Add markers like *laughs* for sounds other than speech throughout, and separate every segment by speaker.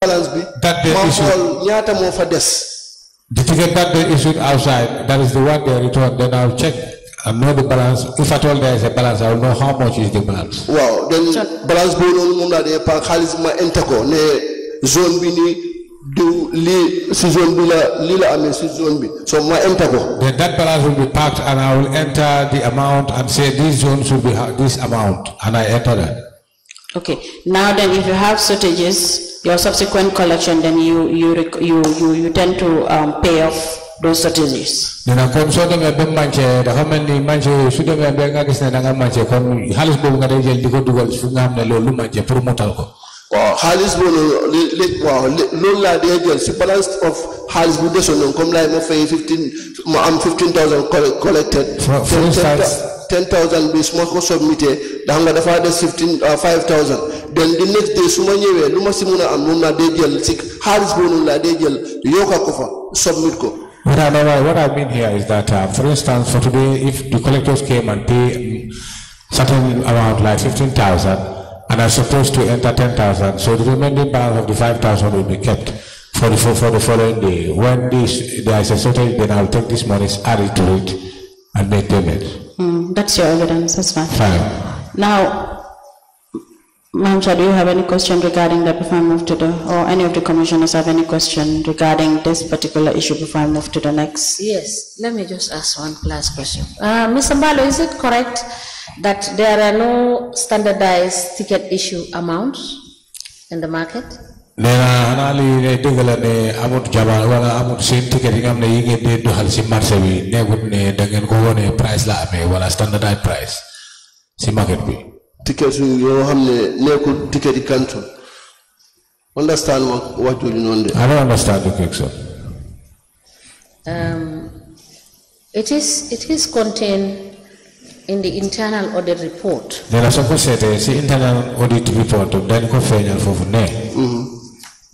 Speaker 1: that day issue. xool ñaata moo
Speaker 2: the ticket that they issued outside, that is the one they returned. Then I'll check and know the balance. If at all there is a balance, I'll know how much is the balance.
Speaker 1: Wow, then balance bo non mom la day par xaliss né zone bi ni li ci zone bi amé ci zone So my enter
Speaker 2: Then that balance will be packed and I will enter the amount and say this zone should be this amount and I enter that.
Speaker 3: Okay, now then if you have shortages, your subsequent collection, then you, you, you, you, you tend to um, pay off those shortages.
Speaker 2: manche ni manche manche manche
Speaker 1: Harrisburg lola da yake si balance of Harrisburg da sunan kuma lai mafi am um, 15000 collected for, instance 10000 be small ko submite da hanga dafa da 15 uh, 5000 then the next day suma ñewé luma si mëna am mom um, na day jël si Harrisburg la day jël yoka ko submit
Speaker 2: What uh, I, uh, what I mean here is that, uh, for instance, for today, if the collectors came and pay um, certain amount, like 15,000, and are supposed to enter 10,000. So the remaining balance of the 5,000 will be kept for the, for, the following day. When this, there is a certain, then I'll take this money, add it to it, and make payment.
Speaker 3: Mm, that's your evidence, that's fine. Fine. Now, Mamsha, do you have any question regarding that before I move to the, or any of the commissioners have any question regarding this particular issue before I move to the next? Yes, let me just ask one last question. Uh, Mr. is it correct that there are no standardized ticket issue amounts in the market.
Speaker 2: nee naa xanaa li ne dëgg la ne amut jabar wala amut seen ticket yi nga xam ne yi ngeen di doxal si marché bi nekkut ne da ko wone price la amee wala standardized price si market bi.
Speaker 1: ticket su yoo xam ne nekkul ticket yi kantul. understand wax wax jooju noonu de. I don't understand the question.
Speaker 3: Um, it is it is contained. in the internal audit report
Speaker 2: nela sonko seete si internal audit report dañ ko feeñal foofu ne mm-hmm.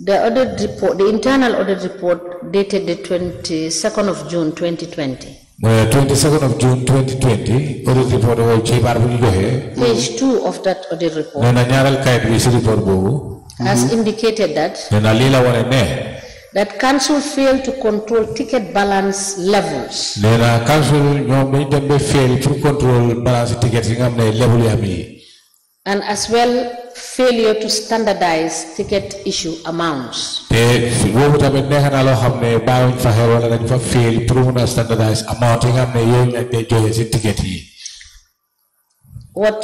Speaker 3: the audit report the internal audit report dated the 22nd of June 2020
Speaker 2: mooy 22nd of June 2020 audit report woowu ci xibaar bu ñu
Speaker 3: page 2 of that audit report nee
Speaker 2: na ñaaral kayit bi report boobu
Speaker 3: has mm-hmm. indicated that
Speaker 2: nee na lii la wane ne
Speaker 3: that council failed to control ticket balance levels.
Speaker 2: Nena council ñom dañ dem be fail pour control balance ticket yi nga xamné level
Speaker 3: yi And as well failure to standardize ticket issue amounts.
Speaker 2: Té wobu tamit neex na lo xamné baawuñ la xéw fail pour mëna standardize amount yi nga xamné yoy ticketi.
Speaker 3: What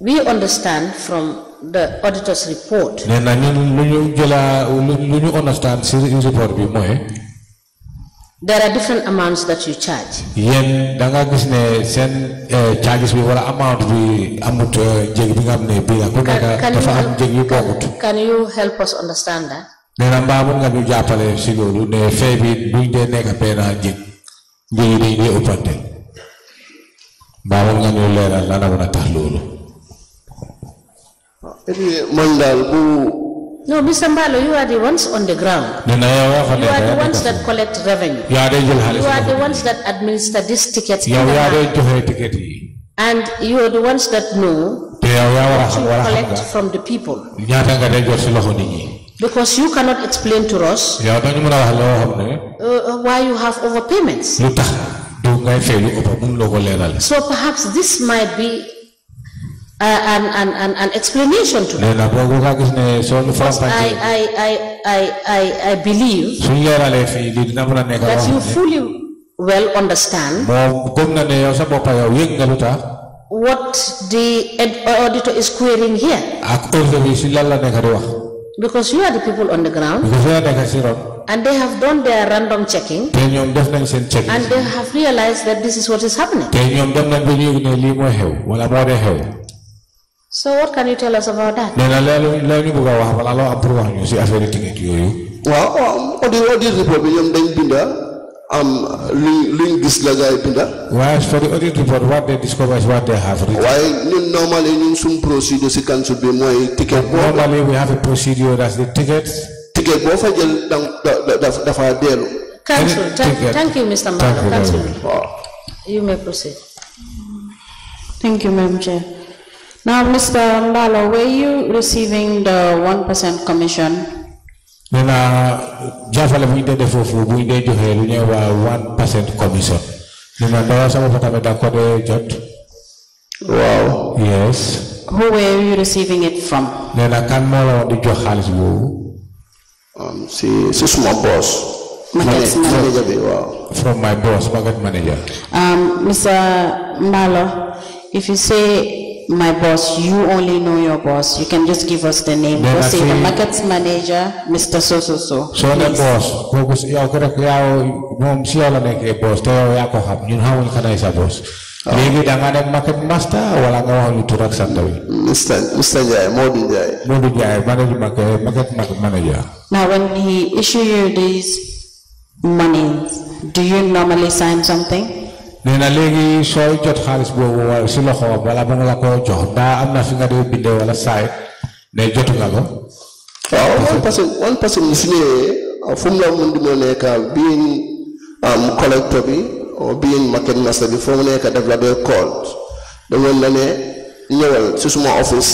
Speaker 3: we understand from the auditor's report.
Speaker 2: nee na ñun lu ñu jëla lu ñu understand si report bi mooy.
Speaker 3: There are different amounts that you charge.
Speaker 2: Yen da nga gis ne sen eh, charges bi wala amount bi amut eh, jeg bi nga xamne bi ko neka kan dafa am jeg yu bokut.
Speaker 3: Can you help us understand that?
Speaker 2: Neena mbaa mun nga ñu jàppale si loolu ne fee bi buñ dee nekk benn jeg njëg yi dañ dee ëppante. Mbaa mun nga ñu leeral lan a mën tax loolu.
Speaker 1: No,
Speaker 3: Mr. Mbalo, you are the ones on the ground.
Speaker 2: You
Speaker 1: are the ones that
Speaker 3: collect revenue. You are the ones that administer these tickets. And you are the ones that know
Speaker 2: what you collect
Speaker 3: from the people. Because you cannot explain to us
Speaker 2: uh, uh,
Speaker 3: why you have overpayments. So perhaps this might be an, an, an, explanation to
Speaker 2: them. I, I,
Speaker 3: I, I, I believe
Speaker 2: that you fully
Speaker 3: well understand what the auditor is querying here. Because you are the people on the ground. And they have done their random checking.
Speaker 2: And they
Speaker 3: have realized that this is what is happening. So what can you tell us about that?
Speaker 1: Nee na loolu loolu ñu bëgg a wax am pour wax ñu si affaire ticket yooyu. waaw audio audio report am luñ luñ discover si council bi mooy tiket. normally we have a procedure that's the ticket. ticket boo fa jël dang dafa dellu. thank
Speaker 3: you Mr. Mbalo council you may proceed. thank you Madam Chair. Now, Mr. Mbalo, were you receiving the 1% commission?
Speaker 2: Nena jafale bu inde defofu bu inde joxe lu ñew 1% commission. Nena dawa sama fa tamit da ko de jot. Wow. Yes.
Speaker 3: Who were you receiving it from?
Speaker 2: Nena kan mo la di jox xaliss bobu?
Speaker 1: Um si si suma boss. manager.
Speaker 2: From my boss, market manager.
Speaker 3: Um Mr. Mbalo, if you say my boss, you only know your boss. You can just give us the name. Then just say the market manager, Mr. So so so. So the
Speaker 2: boss, focus yao kira yao mom siya lang ng boss. Tayo yao ko ham. Yun hawan ka na isa boss. Lagi dangan ang market master, wala nga wang uturak sa
Speaker 1: tawi. Mr. Mr. Jai, Modi Jai. Modi Jai, manager market market manager.
Speaker 3: Now when he issue you these monies, do you normally sign something?
Speaker 2: nee na léegi sooy jot xaalis boobu waaye si loxo balaa ba nga la ko jox daa am na fi nga dee bindee wala saay ne jotu nga ko.
Speaker 1: waaw one person one person su ñëwee fu mu la mun di moo nekk being am um, collector bi or being market master bi foo mu nekk def la dee call da nga ne ñëwal si suma office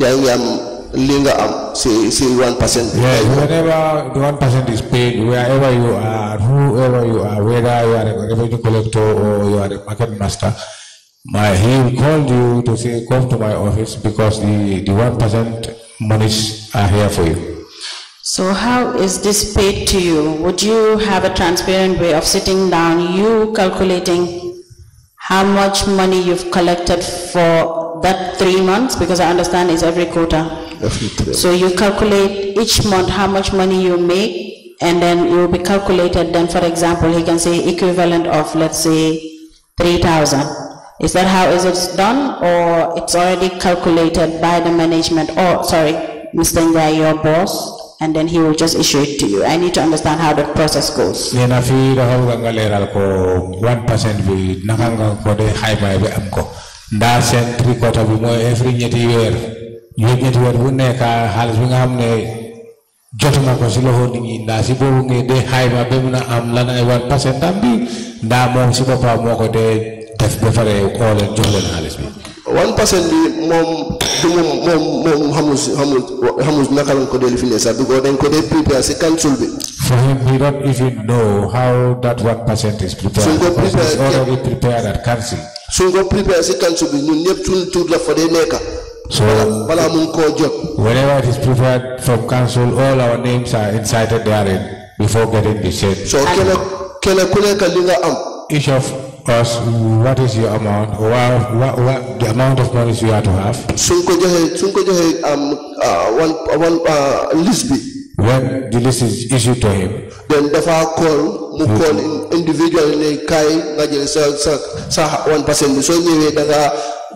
Speaker 1: yaa ngi am. li one percent. yes
Speaker 2: whenever one percent is paid wherever you are whoever you are whether you are a revenue collector or you are a market master my he called you to say come to my office because the the one percent monies are here for you.
Speaker 3: So how is this paid to you? Would you have a transparent way of sitting down, you calculating how much money you've collected for that three months? Because I understand it's every quarter. So you calculate each month how much money you make, and then it will be calculated. Then, for example, he can say equivalent of let's say three thousand. Is that how is it done, or it's already calculated by the management? Or sorry, Mr. Ngai, your boss, and then he will just issue it to you. I need to understand how the process goes.
Speaker 2: one percent de three every yëkkati weer bu nekk xaalis bi nga xam ne jotuma ko si loxo nit ñi ndaa si boobu ngay dee xayma ba mun a am lan ay wan percent am bi ndaa moom si boppam moo ko dee def ba pare oo leen jox leen xaalis bi.
Speaker 1: one percent bi moom moom moom moom xamul xamul xamul naka lañ ko dee lifin sax du ko dañ ko dee prepare si council bi.
Speaker 2: for suñ ko prepare already prepared at
Speaker 1: si council bi ñun ñëpp suñ tuut la dee nekka So whenever
Speaker 2: it is preferred from council, all our names are incited therein before getting the shade. So each of us, what is your amount? What, what, the amount of monies you are to have?
Speaker 1: Um, one, one, uh, ah, Lisby when
Speaker 2: the list is issued to him.
Speaker 1: Then call mu hmm. call individual ne kay nga jël sa sa sa bi soo ñëwee da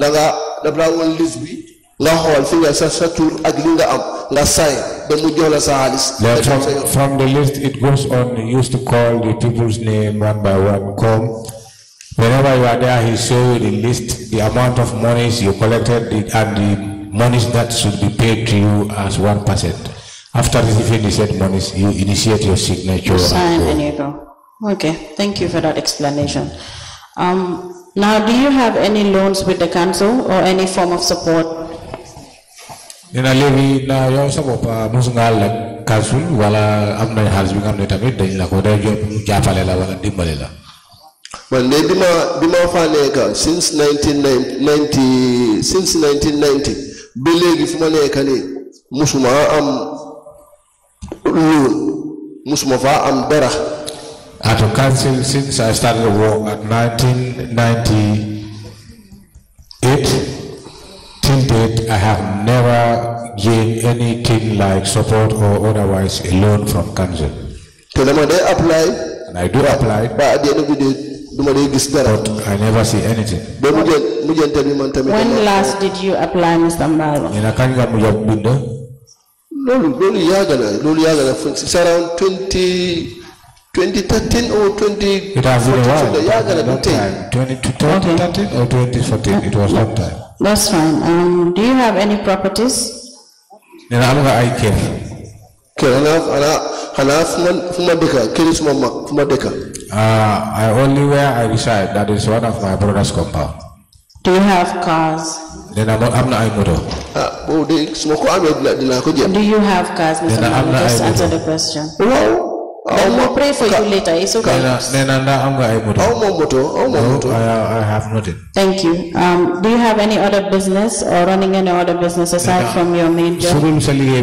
Speaker 1: nga da nga list bi. fi nga sa sa ak li nga am nga ba mu jox la sa from
Speaker 2: from the list it goes on he used to call the people's name one by one come. Whenever you are there, he show you the list, the amount of monies you collected, and the monies that should be paid to you as one percent. After receiving the said monies, you initiate your signature. You sign
Speaker 3: and, and you go. Okay, thank you for that explanation. Um, now, do you have any loans with the council or any form of support
Speaker 2: nee naa léegi naa yow sa bopp ah, mosu ngaa lekk calcul wala am na xaalis bi nga xam ne tamit dañ la ko day jot jàppale la wala dimbale la.
Speaker 1: man de bi ma bi ma faa nekk since 1990 since 1990 léegi fu ma nekk nii musuma am loon musuma faa am dara.
Speaker 2: at a council since I started work at 1998. I have never gained anything like support or otherwise alone from council.
Speaker 1: te dama day apply.
Speaker 2: and I do apply.
Speaker 1: but at the end of the day but I never see anything. when last
Speaker 3: did you apply Mr. Mbalo.
Speaker 2: In ne kañ nga mujj a bind.
Speaker 1: loolu loolu no, na loolu yàgg na around 2013 or 2014. It has been a while. That
Speaker 2: 2013 or 2014. It was long time.
Speaker 1: That's
Speaker 3: fine. Um,
Speaker 1: do you have any properties?
Speaker 2: نعمها أي كيف
Speaker 1: أنا أنا أنا فما فما دكا كيرس ماما فما دكا
Speaker 2: I only where I reside that is one of my brother's compound
Speaker 1: Do you have cars?
Speaker 2: Then I'm not, I'm not a motor.
Speaker 1: Oh, do you have cars, Mr. Then I'm not Just answer the
Speaker 3: question. Well, I'll pray for you later. It's okay. No,
Speaker 2: I, I have nothing.
Speaker 3: Thank you. Um, do you have any other business or running any other business aside from your main job?
Speaker 2: Surum sali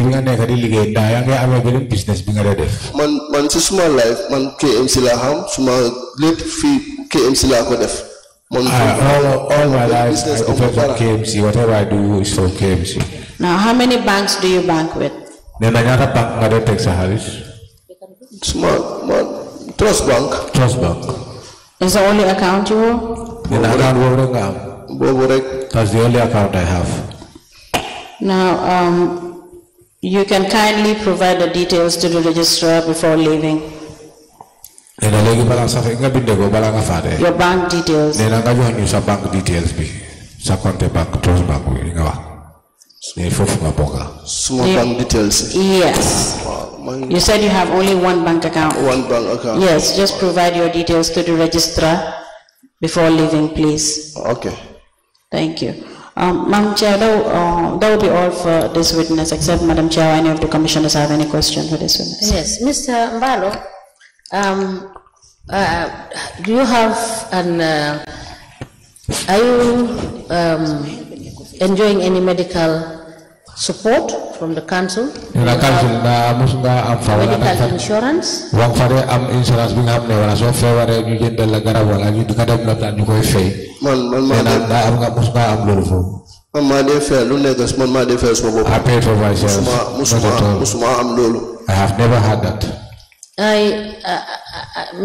Speaker 2: business
Speaker 1: Man man ci suma life man KMC Laham, xam suma lépp fii KMC Laham, ko def. Man, all,
Speaker 2: all my life I depend on KMC. Whatever I do is for KMC.
Speaker 3: Now, how many banks do you bank with?
Speaker 2: Nee na ñaata bank nga dee teg Small, small. Trust bank. Trust bank.
Speaker 3: Is the only account you have?
Speaker 2: Then account Boborek. Boborek. That's the only account I have.
Speaker 3: Now, um, you can kindly provide the details to the registrar before leaving.
Speaker 2: Nena lagi balang sa nga binde ko balang afare. Your
Speaker 1: bank details.
Speaker 2: Nena nga juhan yung sa bank details bi sa konte bank trust bank wi nga wa. Small
Speaker 1: bank details. Yes. You
Speaker 3: said you have only one bank account. One
Speaker 1: bank account. Yes,
Speaker 3: just provide your details to the registrar before leaving, please. Okay. Thank you. Um, Madam Chair, that, uh, that will be all for this witness, except Madam Chair, any of the commissioners have any question for this witness? Yes, Mr. Mbalo, um, uh, do you have an, uh, are you um, enjoying any medical support from the council.
Speaker 2: council am medical
Speaker 3: insurance.
Speaker 2: wa am insurance man man
Speaker 1: maa dee daa am lu nekk man maa dee suma bopp. I pay for myself. musuma musuma am loolu. I have never had that.
Speaker 3: I uh,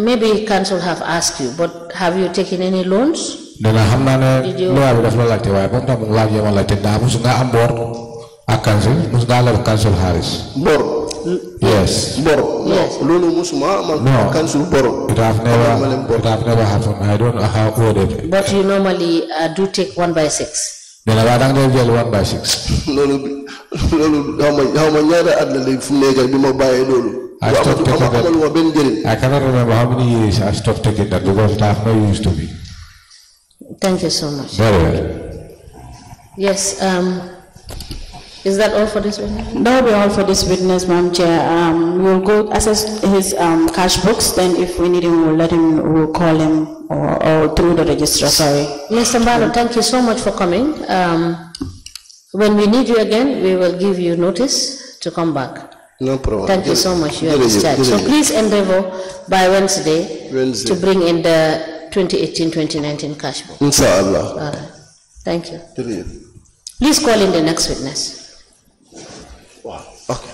Speaker 3: maybe council have asked you but have you taken any loans.
Speaker 2: dina xam naa ne loi bi daf la laajte waaye moom tam mu ambor akan sih, ndax mos nga am bor cancel mos
Speaker 1: bor yes bor no loolu mosuma man cancel bor
Speaker 2: it have never it have I don't know how old it
Speaker 3: but you normally uh, do take one by six
Speaker 2: dela waa dang jël one by six
Speaker 1: loolu *laughs* loolu xaw ma xaw ma ñaata at la léegi fu mu bi ma bàyyee loolu I stopped taking that.
Speaker 2: I cannot remember how many years I stopped taking that because it have no use to me.
Speaker 3: Thank you so much. Very well. Yes. Um, is that all for this witness? That will be all for this witness, Madam Chair. Um, we'll go access his um, cash books. Then, if we need him, we'll let him. We'll call him or, or through the registrar. Sorry. Mr. Mbalo, thank you so much for coming. Um, when we need you again, we will give you notice to come back.
Speaker 1: No problem. Thank you so much. You are discharged. So please
Speaker 3: endeavor by Wednesday, Wednesday. to bring in the 2018-2019 cash book.
Speaker 1: Inshallah. Thank you. Please
Speaker 3: call in the next witness.
Speaker 1: Wow. Okay.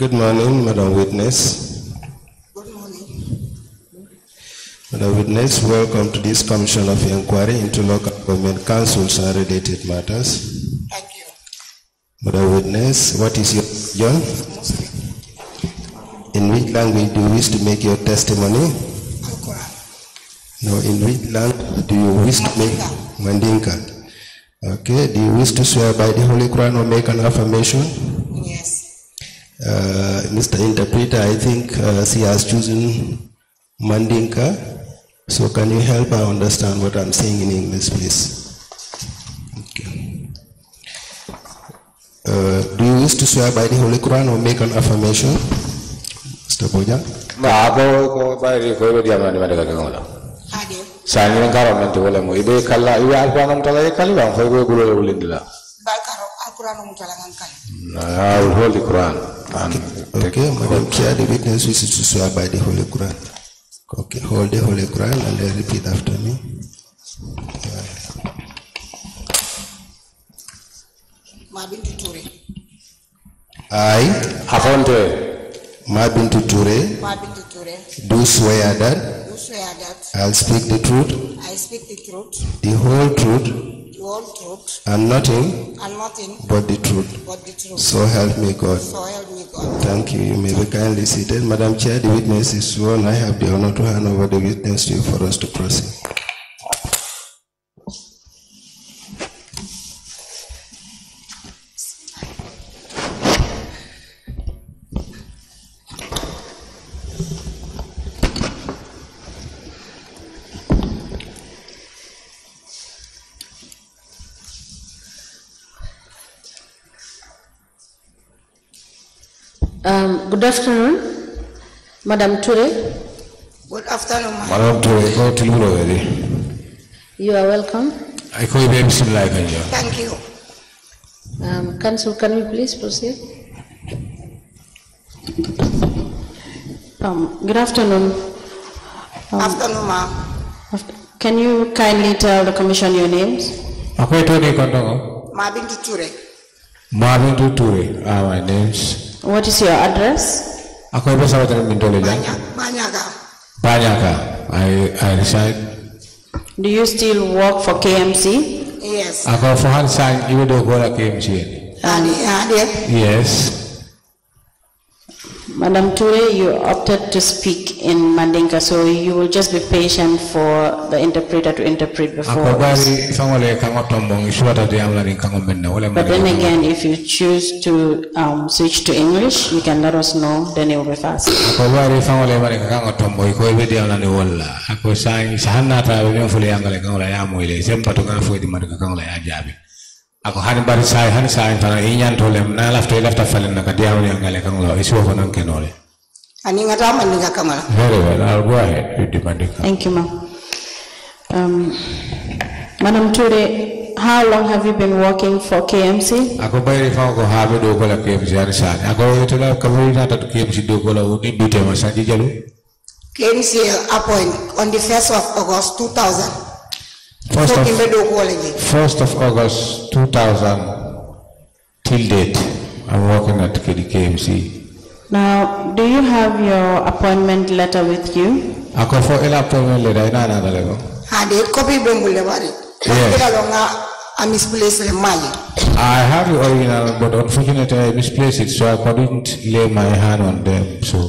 Speaker 4: Good morning, Madam Witness. Good morning. Madam Witness, welcome to this Commission of Inquiry into Local Government Councils and Related Matters. Thank you. Madam Witness, what is your John? In which language do you wish to make your testimony? No, in which language do you wish to make Mandinka? Okay, do you wish to swear by the Holy Quran or make an affirmation? Mr. Interpreter, I think uh, she has chosen Mandinka. So can you help her understand what I'm saying in English, please? Okay. Uh, do you wish to swear by the Holy Quran or make an affirmation? Mr. Bojan?
Speaker 2: sanyin karo man to wala mo ibe kala ibe alquran mo talay kali bang ko gulo wulindila ba karo alquran
Speaker 4: mo talangan kali I hold the Quran. And okay, okay Madam here the witness is to swear by the Holy Quran. Okay, hold the Holy Quran and then repeat after me. Mabintu Ture. I. Afonte. Mabintu Ture. Mabintu Ture. Do swear that. Do swear that. I'll speak the truth. I
Speaker 5: speak the truth. The whole truth. the whole truth. And nothing. And nothing. But the truth.
Speaker 4: But the truth. So help me God. So help me God. Thank you. You may be kindly seated. Madam Chair, the witness is sworn. I have the honor to hand over the witness to you for us to proceed.
Speaker 3: Um, good afternoon, Madam Ture. Good afternoon,
Speaker 2: Madam Ture. Go to Lulu,
Speaker 3: You are welcome. I call you Bismillah. Thank you. Um, Council, can we please proceed? Um, good afternoon. Um, afternoon, ma'am. Can you kindly tell the commission your names?
Speaker 2: Tony Kondongo.
Speaker 3: Mabindu Ture.
Speaker 2: Mabindu Ture Ah, my names.
Speaker 3: What is your address?
Speaker 2: Aku apa sahaja yang minta lagi. Banyak, banyak. Ah. Banyak. Ah. I I reside.
Speaker 3: Do you still work for KMC? Yes.
Speaker 2: Aku faham sang ibu dua KMC.
Speaker 3: Ani, ani.
Speaker 2: Yes.
Speaker 3: Madam Ture, you opted to speak in Mandinka, so you will just be patient for the interpreter to interpret before us.
Speaker 2: But then again,
Speaker 3: if you choose to um, switch to English, you can let us know, then it will be fast
Speaker 2: ako hani bari sai hani sai fana inyan tolem na lafto lafta falen na kadia wani angale kang lo isi wafo nang kenole
Speaker 3: ani ngata man niga kamala
Speaker 2: very well i'll go ahead you demand it
Speaker 3: thank you ma'am um madam Ture, how long have you been working for KMC
Speaker 2: ako bayri fa ko habe do ko la KMC ani sai ako to la kamuri na tatu KMC do ko la uni bite masanji jalu
Speaker 3: KMC uh, appoint on the 1st of August 2000 First of,
Speaker 2: first of August 2000 till date, I'm working at KDKMC.
Speaker 3: Now, do you have your appointment letter with you?
Speaker 2: Ako for ila appointment letter ina na dalego.
Speaker 3: Ade ah, copy bembule bari. Yes. I misplaced my. money.
Speaker 2: I have the original, but unfortunately I misplaced it, so I couldn't lay my hand on them. So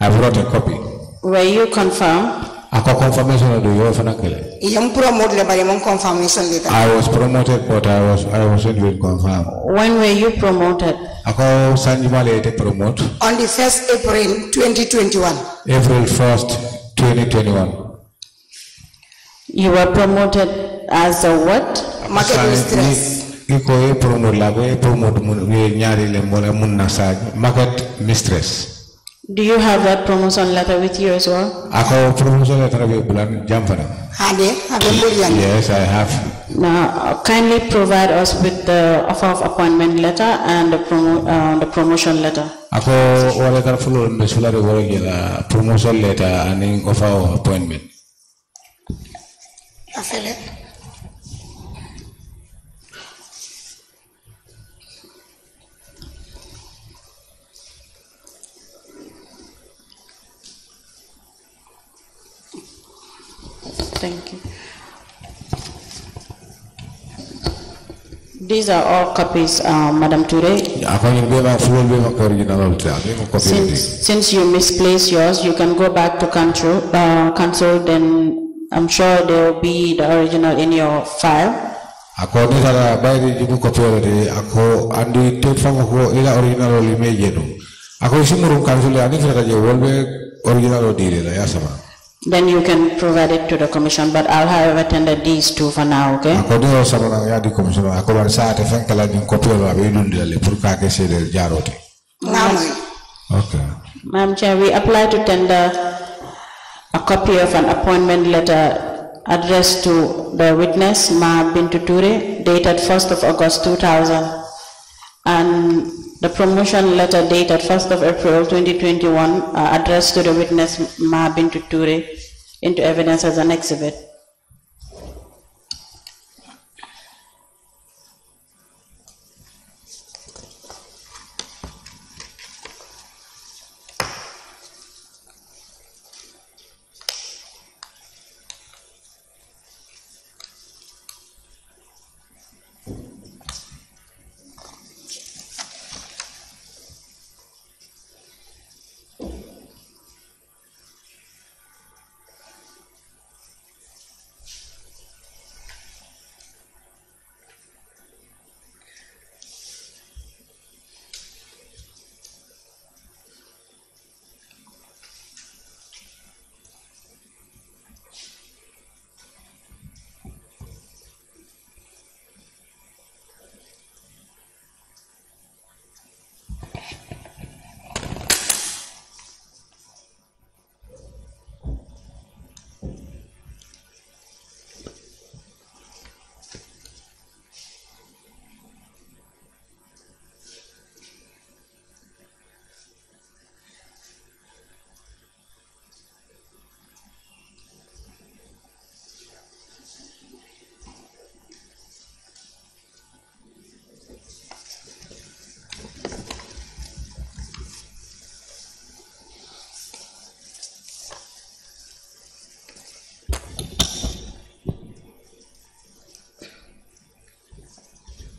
Speaker 2: I brought a copy.
Speaker 3: Were you confirmed?
Speaker 2: Ako confirmation do you often akele?
Speaker 3: Yung promote ba yung confirmation dito? I was
Speaker 2: promoted but I was I wasn't even confirmed. When were
Speaker 3: you promoted?
Speaker 2: Ako sanjimale ite promote.
Speaker 3: On the 1 April 2021. April
Speaker 2: 1st 2021.
Speaker 3: You were promoted as a what? Market mistress.
Speaker 2: Iko e promote lago e promote mun nyari le mola mun nasaj market mistress.
Speaker 3: Do you have that promotion letter with you as well?
Speaker 2: Ako promotion letter ko bulan jam pa
Speaker 3: Ada, ada bulan. Yes, I have. Now, uh, kindly provide us with the offer of appointment letter and the, promo, uh, the promotion letter.
Speaker 2: Ako wala full on wala gila promotion letter and offer of appointment.
Speaker 5: Asal
Speaker 3: Thank you. These are all copies, uh, Madam Ture.
Speaker 2: Ya, since,
Speaker 3: since you misplaced yours, you can go back to control, uh, then I'm sure there will be the original in your file.
Speaker 2: Ako ni sara bayri jumu kopiore de ako andi fang ila original oli me jenu. Ako isi murung council ani sara je wolbe original odire la ya sama.
Speaker 3: Then you can provide it to the commission, but I'll have attended these two for now, okay? Now. Okay. Madam Chair, we apply to tender a copy of an appointment letter addressed to the witness, Ma Bin Ture, dated 1st of August 2000, and the promotion letter dated 1st of April 2021 uh, addressed to the witness Ma Bintu into evidence as an exhibit.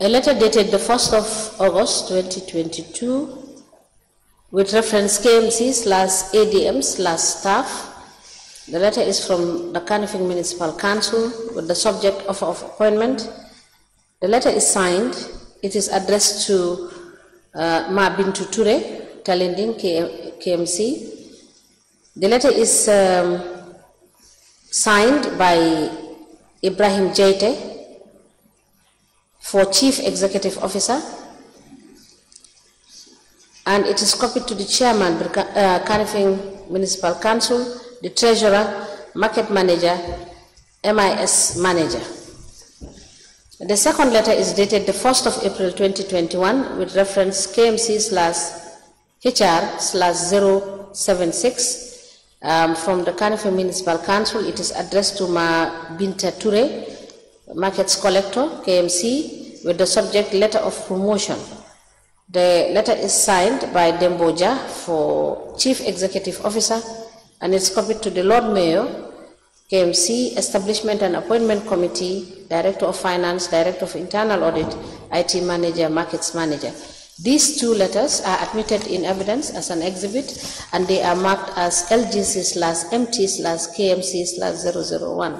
Speaker 3: A letter dated the 1st of August 2022 with reference KMC slash ADM slash staff. The letter is from the Kanifing Municipal Council with the subject of, of appointment. The letter is signed. It is addressed to uh, Ma Bintu Ture, Talending KMC. The letter is um, signed by Ibrahim Jaite, for Chief Executive Officer, and it is copied to the Chairman, uh, Municipal Council, the Treasurer, Market Manager, MIS Manager. The second letter is dated the 1st of April 2021 with reference KMC slash HR slash 076 um, from the Carnifing Municipal Council. It is addressed to Ma Binta Ture, markets collector, KMC, with the subject letter of promotion. The letter is signed by Demboja for Chief Executive Officer and is copied to the Lord Mayor, KMC, Establishment and Appointment Committee, Director of Finance, Director of Internal Audit, IT Manager, Markets Manager. These two letters are admitted in evidence as an exhibit and they are marked as LGC slash MT slash KMC slash 001.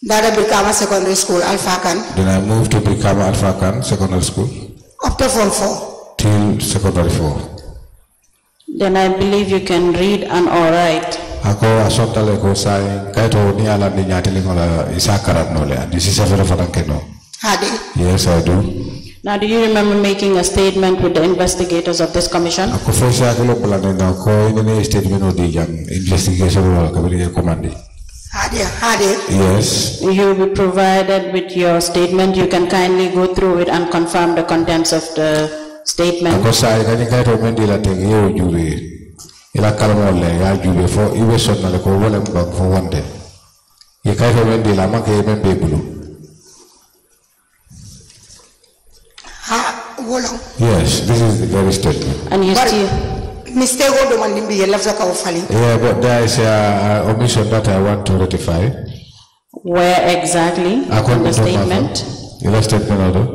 Speaker 3: Dada Birkama Secondary School, Alfakan.
Speaker 2: Then I moved to Birkama Alfakan Secondary School.
Speaker 3: Up to Form four.
Speaker 2: Till Secondary four.
Speaker 3: Then I believe you can read and all right.
Speaker 2: Ako asota leko eh, sai kaito ni ala ni nyati lingola isakarat nole. This is a very keno. Hadi. Yes, I do.
Speaker 3: Now, do you remember making a statement with the investigators of this commission? Ako
Speaker 2: fosi akilo pala na ko ini statement odi yang um, investigation wala kabili komandi.
Speaker 3: had it, had it.
Speaker 2: Yes.
Speaker 3: You will be provided with your statement. You can kindly go through it and confirm the contents of the statement.
Speaker 2: ila kalmolle ya jube fo ibe ko to men dila manke men be
Speaker 3: ha wolong yes
Speaker 2: this is the very statement
Speaker 3: and you still mistake odo mandimbi lafza ka ofali
Speaker 2: yeah but there is a uh, uh, omission that i want to rectify
Speaker 3: where exactly in the statement
Speaker 2: ile statement odo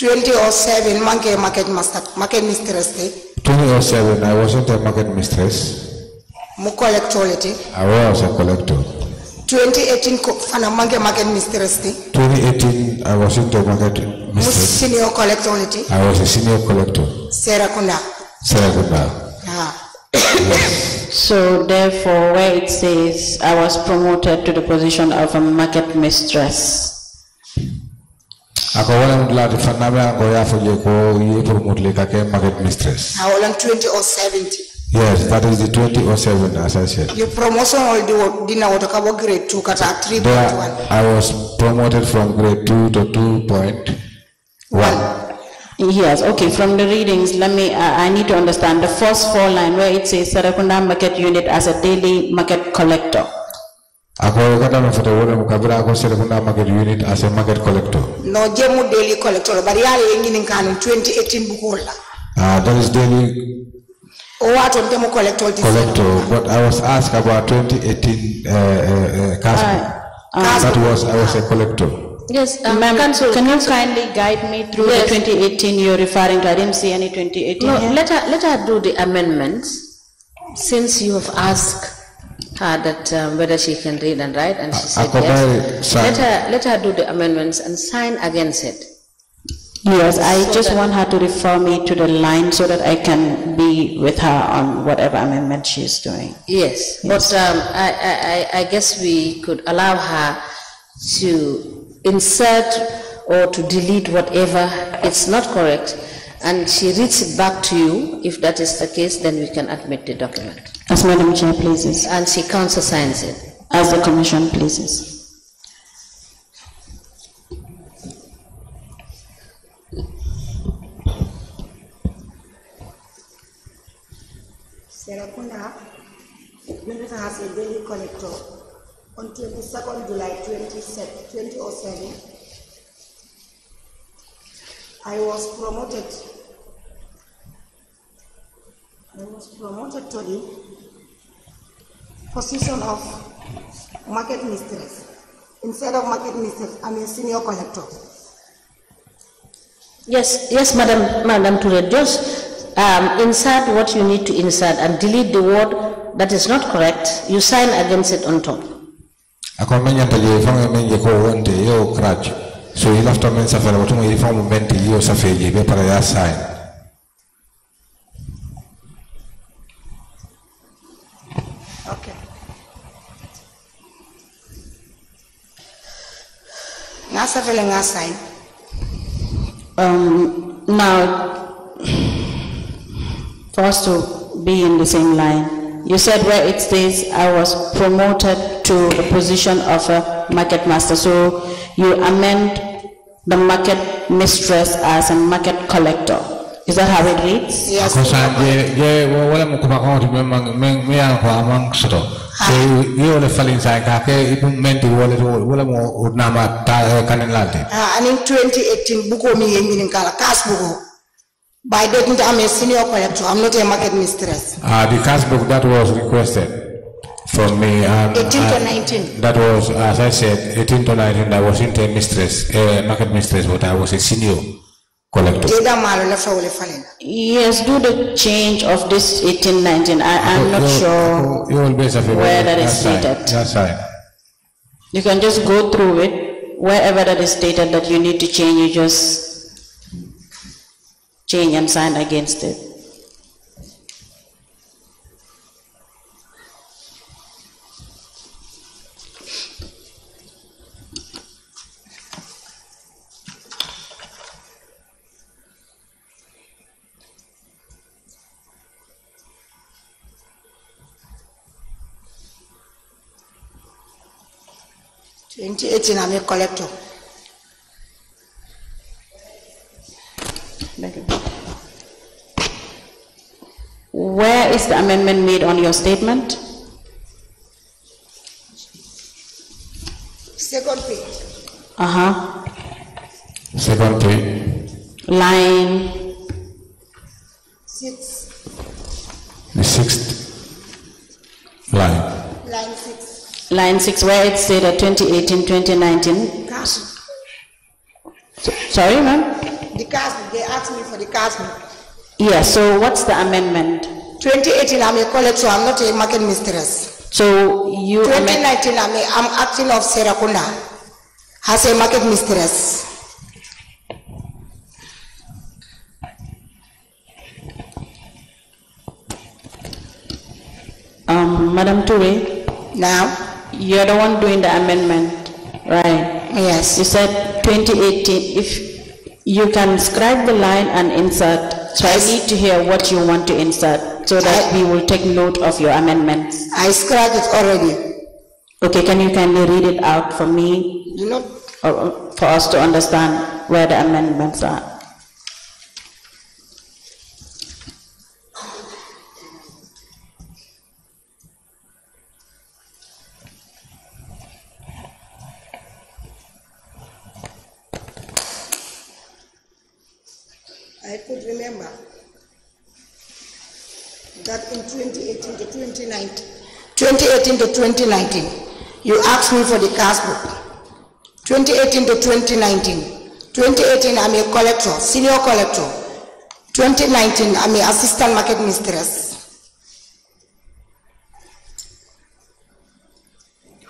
Speaker 3: 2007 manke market master market mistress eh?
Speaker 2: te 2007 i wasn't a market mistress
Speaker 3: mu collectolity
Speaker 2: i was a collector
Speaker 3: 2018 fana mange market mistress eh?
Speaker 2: ti 2018 i was a market mistress
Speaker 3: senior collector eh?
Speaker 2: i was a senior collector
Speaker 3: Sarah Kunda
Speaker 2: Sarah Kunda
Speaker 3: *coughs* so therefore, where it says, I was promoted to the position of a market mistress.
Speaker 2: ang ko market mistress.
Speaker 3: How long 20 or 70?
Speaker 2: Yes, that is the 20 or 7 as I said.
Speaker 3: Your promotion or the, all dina watoka grade 2 kata 3.1.
Speaker 2: I was promoted from grade 2 to 2.1.
Speaker 3: Yes, okay, from the readings, let me, uh, I need to understand the first four line where it says Sarakunda market unit as a daily market collector.
Speaker 2: akolekata nofuta wone mukavira akosere kuna market unit as a market collector
Speaker 3: no jemu daily collector bari yale yengini nkani 2018 bukola
Speaker 2: uh, that is daily
Speaker 3: owato ntemu collector collector
Speaker 2: but i was asked about 2018 uh, uh, uh, casper
Speaker 3: that was
Speaker 2: i was a collector
Speaker 3: Yes, um, ma'am. Can you kindly guide me through yes. the 2018 you're referring to? I didn't see any 2018. No, let her let her do the amendments. Since you have asked her that um, whether she can read and write, and she uh, said uh, yes, let her let her do the amendments and sign against it. Yes, I so just want her to refer me to the line so that I can be with her on whatever amendment she is doing. Yes, yes. but um, I, I, I guess we could allow her to insert or to delete whatever, it's not correct. And she reads it back to you. If that is the case, then we can admit the document. As Madam Chair pleases. And she counter signs it. As the Commission pleases. Sarah Kuna, Minister has a daily collector on 22nd July 2007, I was promoted. I was promoted to the position of market mistress. Instead of market mistress, I'm a senior collector. Yes, yes, Madam, Madam Ture, just um, insert what you need to insert and delete the word that is not correct. You sign against it on top.
Speaker 2: a menya pele fanga menje ko wonde yo krach so yi lafta men safara wato yi famu benti yo safeje be para ya sai.
Speaker 3: okay nga safele nga sai. um now for us to be in the same line You said where it stays, I was promoted to the position of a market master. So you amend the market mistress as a market collector. Is that how it reads? Yes.
Speaker 2: wala mo So ah. you only Uh,
Speaker 3: and in 2018, buko mi yengi nkala kas buko. By that I'm a senior collector. I'm not a market mistress.
Speaker 2: Uh, the cash book that was requested from me. Um, uh, 18 to 19. That was, as I said, 18 to 19. I wasn't a mistress, a market mistress, but I was a senior collector.
Speaker 3: Yes, do the change of this 18, 19. I, am not sure where that is stated. That's right. You can just go through it. Wherever that is stated that you need to change, you just change and sign against it. Twenty eighteen, I'm a collector. Where is the amendment made on your statement? Second page. Uh huh. Second page. Line. Six. The sixth line. Line six. Line six, where it said 2018 2019. Sorry, ma'am? The cast, they asked me for the cast. Yeah, so what's the amendment? 2018, I'm a collector, I'm not a market mistress. So you. 2019, I'm, a, I'm acting of Serakunda as a market mistress. Um, Madam Ture. Now? You're the one doing the amendment, right? Yes. You said 2018, if you can scribe the line and insert. So I need to hear what you want to insert so that I, we will take note of your amendments. I scribed it already. Okay, can you kindly read it out for me? Do not. Oh, oh, for us to understand where the amendments are. 2018 to 2019, you asked me for the class book. 2018 to 2019. 2018, I'm a collector, senior collector. 2019, I'm an assistant market mistress.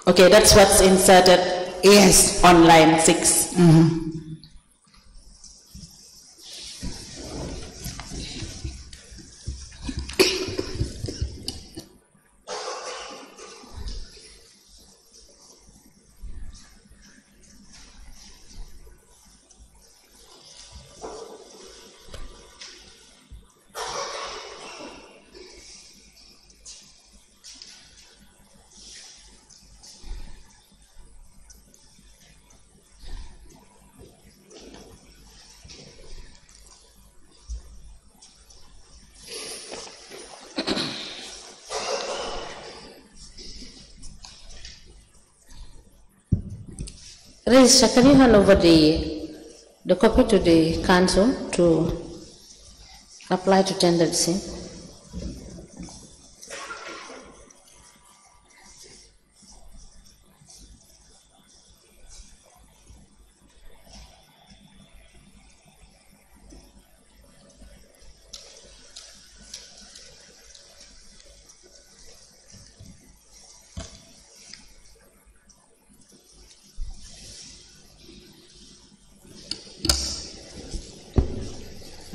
Speaker 3: Okay, that's what's inserted. Yes. Online six.
Speaker 5: Mm -hmm.
Speaker 3: Please, can you hand over the, the copy to the council to apply to same?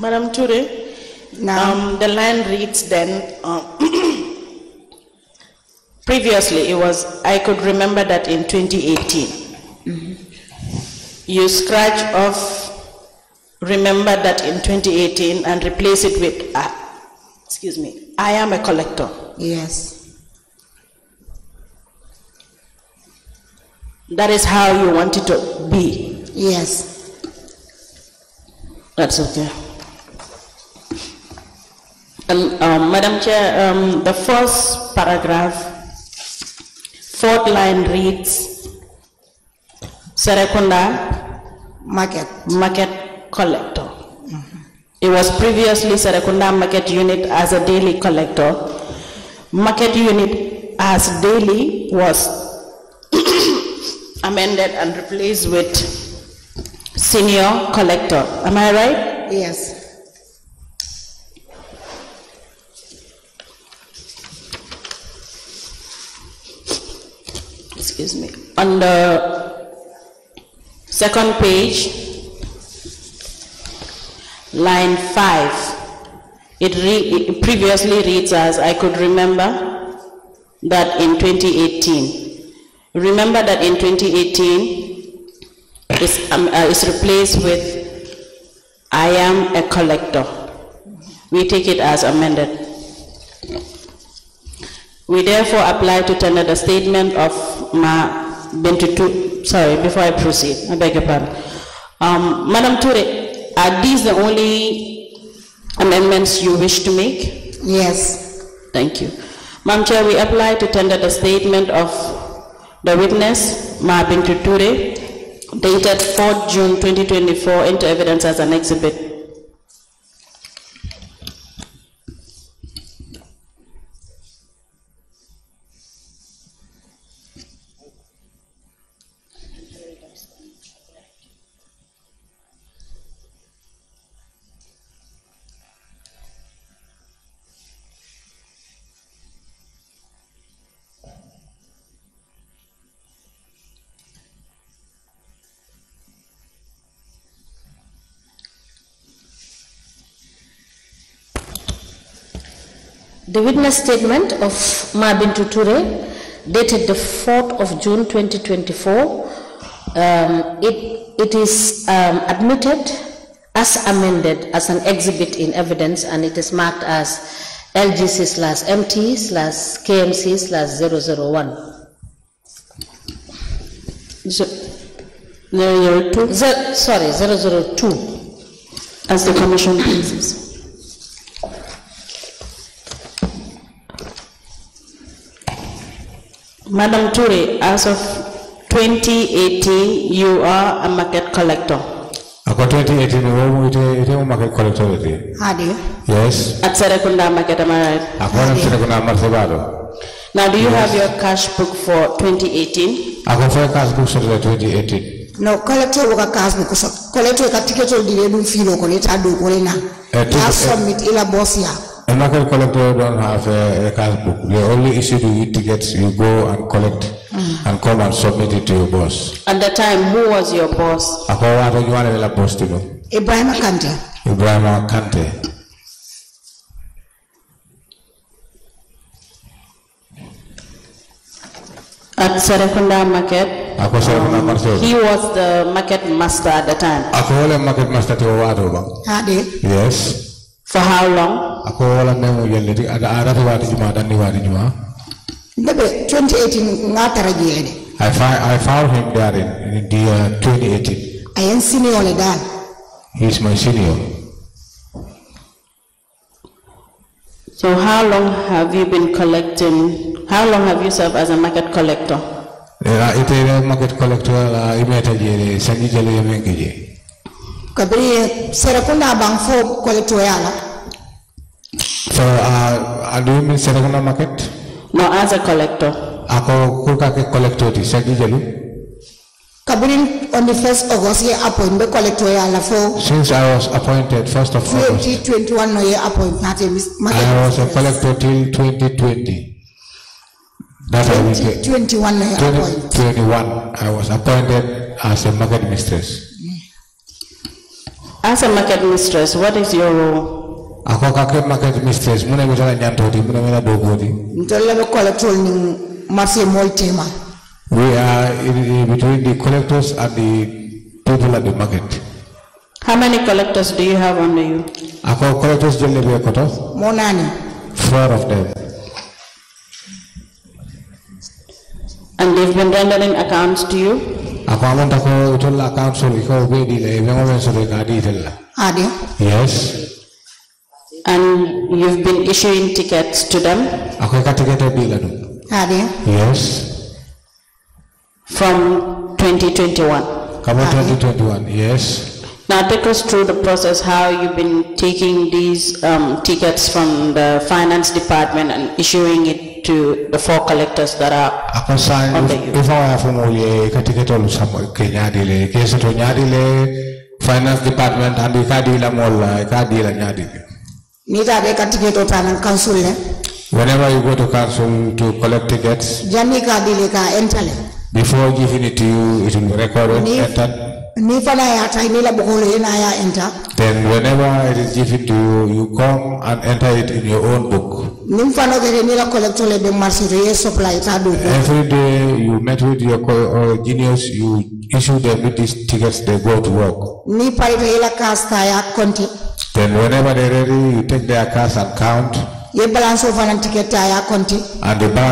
Speaker 3: Madam Ture, now um, the line reads then, uh, *clears throat* previously it was, I could remember that in 2018. Mm -hmm. You scratch off, remember that in 2018 and replace it with, uh, excuse me, I am a collector. Yes. That is how you want it to be. Yes. That's okay. Um, Madam Chair, um, the first paragraph, fourth line reads, Serekunda Market, market Collector. Mm -hmm. It was previously Serekunda Market Unit as a daily collector. Market Unit as daily was *coughs* amended and replaced with Senior Collector. Am I right? Yes. excuse me, on the second page, line five, it, re it previously reads as, I could remember that in 2018. Remember that in 2018 it's, um, uh, is replaced with, I am a collector. We take it as amended. We therefore apply to tender the statement of Ma 22, sorry, before I proceed, I beg your pardon. Um, Madam Ture, are these the only amendments you wish to make? Yes. Thank you. Madam Chair, we apply to tender the statement of the witness, Ma Bintu Ture, dated 4 June 2024 into evidence as an exhibit The witness statement of Mabintu Tuture, dated the 4th of June 2024, um, it, it is um, admitted as amended as an exhibit in evidence and it is marked as LGC slash MT slash KMC slash 001. 002? sorry, 002. As the Commission pleases. Madam Ture, as of 2018, you are a market collector.
Speaker 2: Ako 2018, you are a market collector Are
Speaker 3: you? Yes. At Serekunda market, am I right? Ako na Serekunda market bado. Now, do you yes. have your cash book for 2018?
Speaker 2: Ako fanya cash book for 2018.
Speaker 3: No, collector waka cash book so collector katika cho dire dum filo ko ne ta do ko ne na. Eh, eh, submit ila boss ya.
Speaker 2: A local collector don't have a, a book. The only issue you tickets. You go and collect mm. and come and submit it to your boss.
Speaker 3: At the time, who was your boss?
Speaker 2: boss to do.
Speaker 3: Ibrahim Kante.
Speaker 2: Ibrahim Kante.
Speaker 3: At Serekunda um, Market. He was the market master at the time.
Speaker 2: Ako market master to Owado
Speaker 3: Hadi. Yes. For how long?
Speaker 2: Ako wala nemo yelleri aga arati wati juma dani wati juma.
Speaker 3: Ndebe 2018 ngatarajia ene.
Speaker 2: I found I found him there in, in the year 2018.
Speaker 3: Ayen senior le dal.
Speaker 2: He is my senior.
Speaker 3: So how long have you been collecting? How long have you served as a market collector?
Speaker 2: Eh, ah, ite market collector la ah, imeta jere sanjijele yemengeje so uh, uh, do you mean market
Speaker 3: no as a collector
Speaker 2: ako kuka ke collector ti sagi jalu
Speaker 3: Kabirin on the first august ye appoint be collectoya la for.
Speaker 2: since i was appointed first of august
Speaker 3: 2021 no ye appoint nate mis. i
Speaker 2: was a collector till 2020 That 20, I
Speaker 3: 21 I, 20,
Speaker 2: 21 I was appointed as a market mistress.
Speaker 3: As a market mistress, what is your role?
Speaker 2: akokake market mistress Muna munenge chakanyantoti munenge chadokoti
Speaker 3: mtolera kukola trolling mafie moltema
Speaker 2: we are in, between the collectors and the people at the market
Speaker 3: how many collectors do you have under you
Speaker 2: ako collectors jolebe koto monani four of them
Speaker 3: and they've been rendering accounts to you
Speaker 2: Apamon tako itulah council iko bedi le ibang orang sudah kadi itulah. Are ah, you? Yes.
Speaker 3: And you've been issuing tickets to them?
Speaker 2: Aku ikat tiket itu bila tu. Are you? Ah, yes.
Speaker 3: From 2021. Kamu ah, 2021, yes. Now take us through the process how you've been taking these um, tickets from the finance department and issuing it to the four collectors that are Akosan on the youth.
Speaker 2: Ifa afumuye katika tolu samo kenyadi le kesi to nyadi le finance department andi kadi la mola kadi la nyadi le.
Speaker 3: Nita be katika to tanan council le. Ya?
Speaker 2: Whenever you go to council to collect tickets.
Speaker 3: Jami kadi le ka enter le. Ya?
Speaker 2: Before giving it to you, it will be recorded, entered. Then whenever it is given to you, you come and enter it in your own book. Every day you met with your uh, genius, you issue them with these tickets, they go to work. Then whenever they're ready, you take their cards and count. And the balance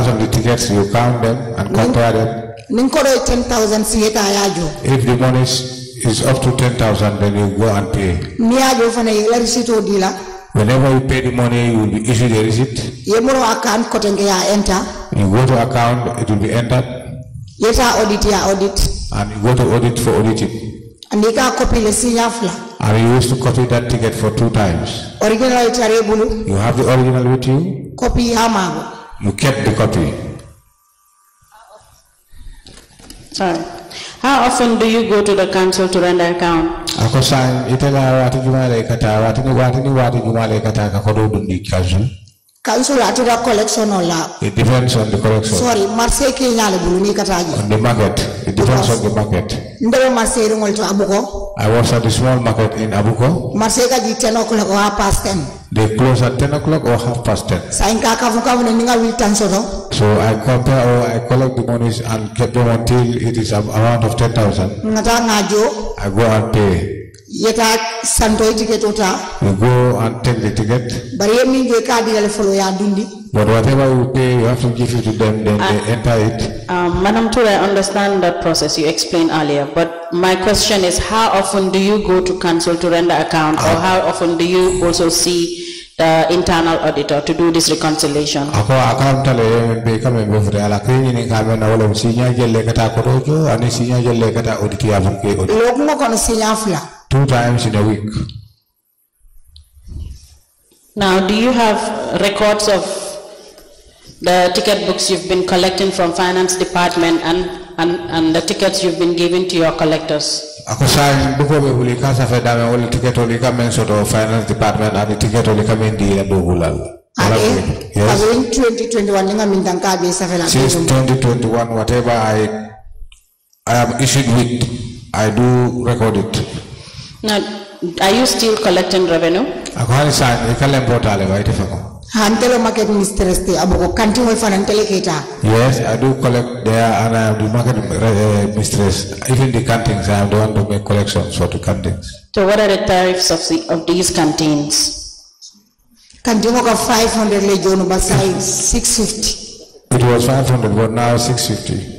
Speaker 2: of the tickets, you count them and compare them. If the money is is up to 10,000, then you go and pay.
Speaker 3: miyajo fana yela receipt o dila
Speaker 2: Whenever you pay the money, you will be issued a receipt.
Speaker 3: ye account kote ya enter
Speaker 2: You go to account, it will be entered,
Speaker 3: yeta audit ya audit
Speaker 2: and you go to audit for auditing.
Speaker 3: andika copy le signa
Speaker 2: And you used to copy that ticket for two times.
Speaker 3: original e
Speaker 2: You have the original with you,
Speaker 3: copy ha
Speaker 2: you kept the copy.
Speaker 3: Sorry. How often do you go to the council to render account?
Speaker 2: Akosan itela wati juma lekata wati ni wati ni wati juma lekata kakodo dundi council.
Speaker 3: Council ati da collection ola.
Speaker 2: It depends on the collection. Sorry,
Speaker 3: marse ke nyale bulu ni kataji.
Speaker 2: On the market. It depends on the market.
Speaker 3: Ndero marse irungol to Abuko.
Speaker 2: I was at the small market in Abuko.
Speaker 3: Marse ka jiteno kula ko half past ten.
Speaker 2: They close at 10 o'clock or half past 10. So I there or I collect the monies and keep them until it is amount of 10,000.
Speaker 3: I go
Speaker 2: and pay.
Speaker 3: yeta santo ticket ota
Speaker 2: you go and take the ticket
Speaker 3: yemi kadi yale ya dundi
Speaker 2: but whatever you pay you have to give it to them then I, they ah. enter it
Speaker 3: um, madam Tura, i understand that process you explained earlier but my question is how often do you go to council to render account or ah. how often do you also see the internal auditor to do this reconciliation?
Speaker 2: Ako account tale min be kam min be fure ala ko ni ka men wala mo signa jelle kata ko rojo ani signa jelle kata audit ya fon ke audit.
Speaker 3: Lok mo kon signa fula.
Speaker 2: Two times in a week.
Speaker 3: Now, do you have records of the ticket books you've been collecting from finance department and and, and the tickets you've been giving to your collectors.
Speaker 2: finance department and ticket oli kamen di la dogulal. Yes.
Speaker 3: Since 2021,
Speaker 2: whatever I, I am issued with, I do record it.
Speaker 3: Now, are you still collecting revenue? Yes,
Speaker 2: I do collect there and I am the market eh, mistress. Even the canteens, I am the one to make collections for the canteens.
Speaker 3: So what are the tariffs of, the, of these canteens? Canteen ka 500 le jono basai 650.
Speaker 2: It was 500 but now 650.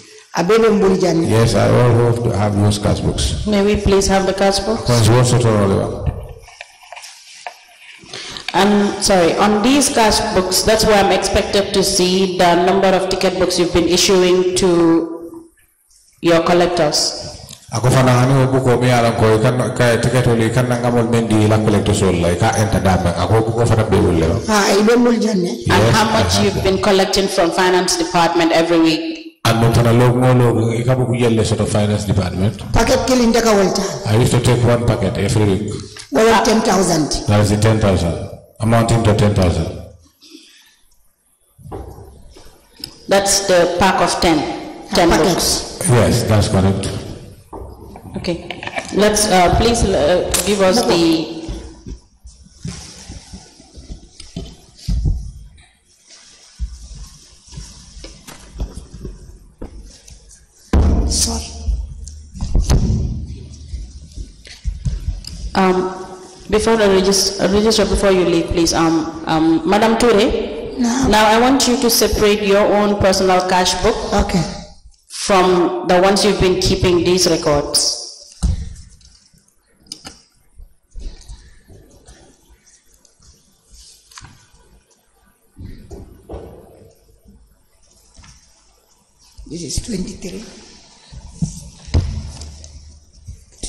Speaker 3: Yes,
Speaker 2: I all hope to have those cash books.
Speaker 3: May we please have the cash books? I'm sorry, on these cash books, that's where I'm expected to see the number of ticket books you've been issuing to your collectors.
Speaker 2: mi ko ka ticket uh, ah, and
Speaker 3: how much you've been collecting from finance department every week
Speaker 2: alotana logo ikabu kujele sort of finance department.
Speaker 3: Packet killing taka walter.
Speaker 2: I used to take one packet every week.
Speaker 3: Well, ten thousand.
Speaker 2: That is the ten thousand, amounting to ten thousand.
Speaker 3: That's the pack of ten. Ten packets. Books. Yes, that's correct. Okay, let's uh, please uh, give us the Sorry. Um, before the register, register, before you leave, please, um, um, Madam Ture. No. Now I want you to separate your own personal cash book. Okay. From the ones you've been keeping these records. This is 23.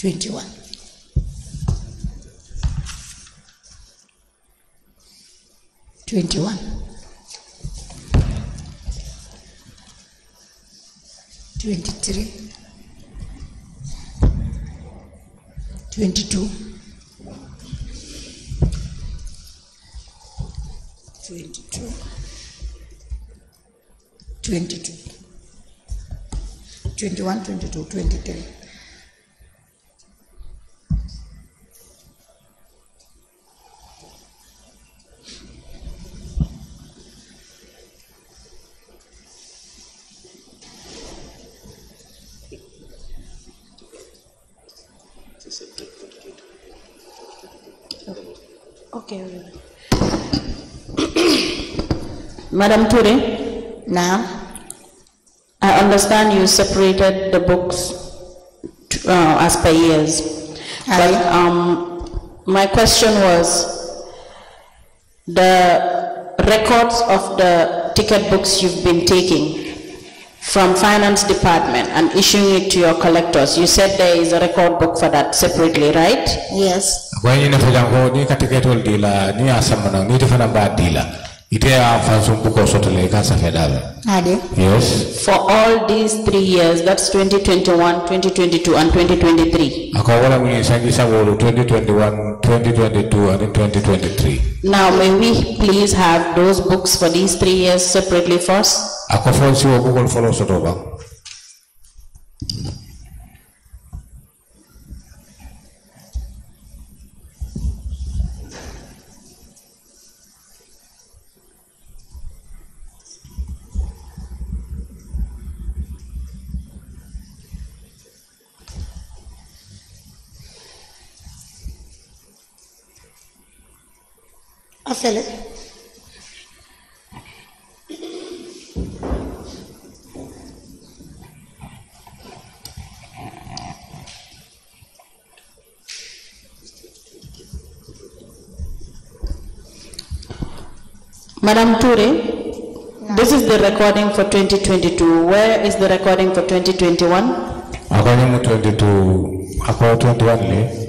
Speaker 3: 21. Twenty-one, twenty-three, twenty-two, twenty-two, twenty-two, twenty-one, twenty-two, twenty-three. Madam Ture, now, I understand you separated the books to, uh, as per years. But um, my question was the records of the ticket books you've been taking from finance department and issuing it to your collectors. You said there is a record book for that separately, right? Yes. Yes. For all these three years, that's 2021, 2022, and 2023. Now, may we please have those books for these three years separately first? అసలు Madam Ture, this is the recording for 2022. Where is the recording for 2021?
Speaker 2: According to 22, according to 21,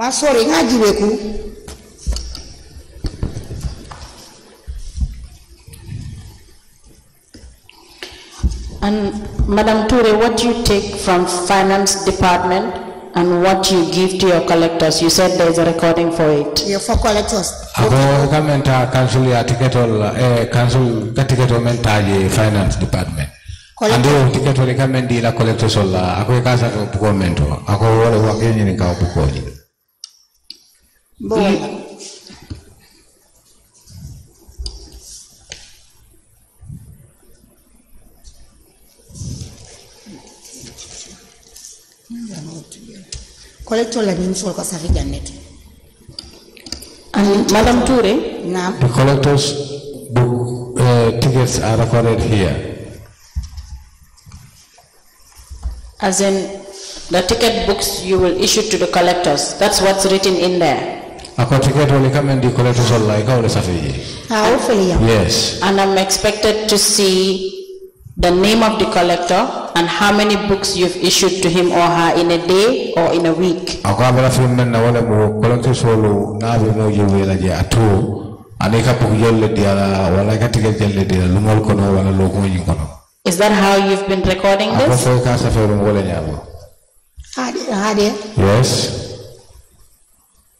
Speaker 3: masore ngajiweku And Madam Ture, what you take from finance department and what you give to your collectors? You said there is a recording for it. Yeah, for collectors.
Speaker 2: Ako kamenta uh, council ya tiketol uh, eh council katiketol mentaje uh, finance department. Andio tiketol kamendi la collectors ola ako kasa ko commento ako wale wakenyi ni ka bukoji.
Speaker 5: Bom,
Speaker 3: madam touré the collectors
Speaker 2: book uh, tickets are recorded here
Speaker 3: as in the ticket books you will issue to the collectors that's what's written in there
Speaker 2: Akatiketi olikame ndiko letu sola ikawa ulisafiri.
Speaker 3: Hopefully. Yes. And I'm expected to see the name of the collector and how many books you've issued to him or her in a day or in a week.
Speaker 2: Akwambira filmen na wale mu collector solo na bi mo yewela je atu anika buku jolle diala wala katika jolle diala lumol kono wala lokunyi kono.
Speaker 3: Is that how you've been recording this? Akwa
Speaker 2: fika safari mwole nyabo.
Speaker 3: Hadi hadi. Yes.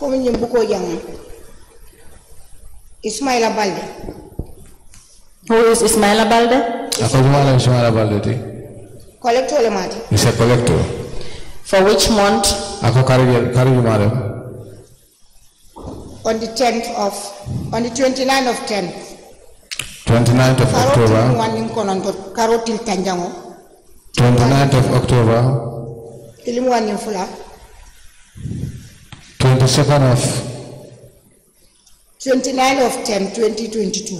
Speaker 3: comme ñim bu ko jang Ismaila Balde Who is Ismaila Balde?
Speaker 2: Akamwala Ismaila Balde ti. le mati. il s'est collecteur
Speaker 3: For which month?
Speaker 2: Ako karibu karibu madam.
Speaker 3: On the 10th of on the 29th of 10th.
Speaker 2: 29th of October.
Speaker 3: Karotil tanjango.
Speaker 2: 29th of October.
Speaker 3: Ilimu wanimfula.
Speaker 2: 22nd of
Speaker 3: 29 of 10, 2022.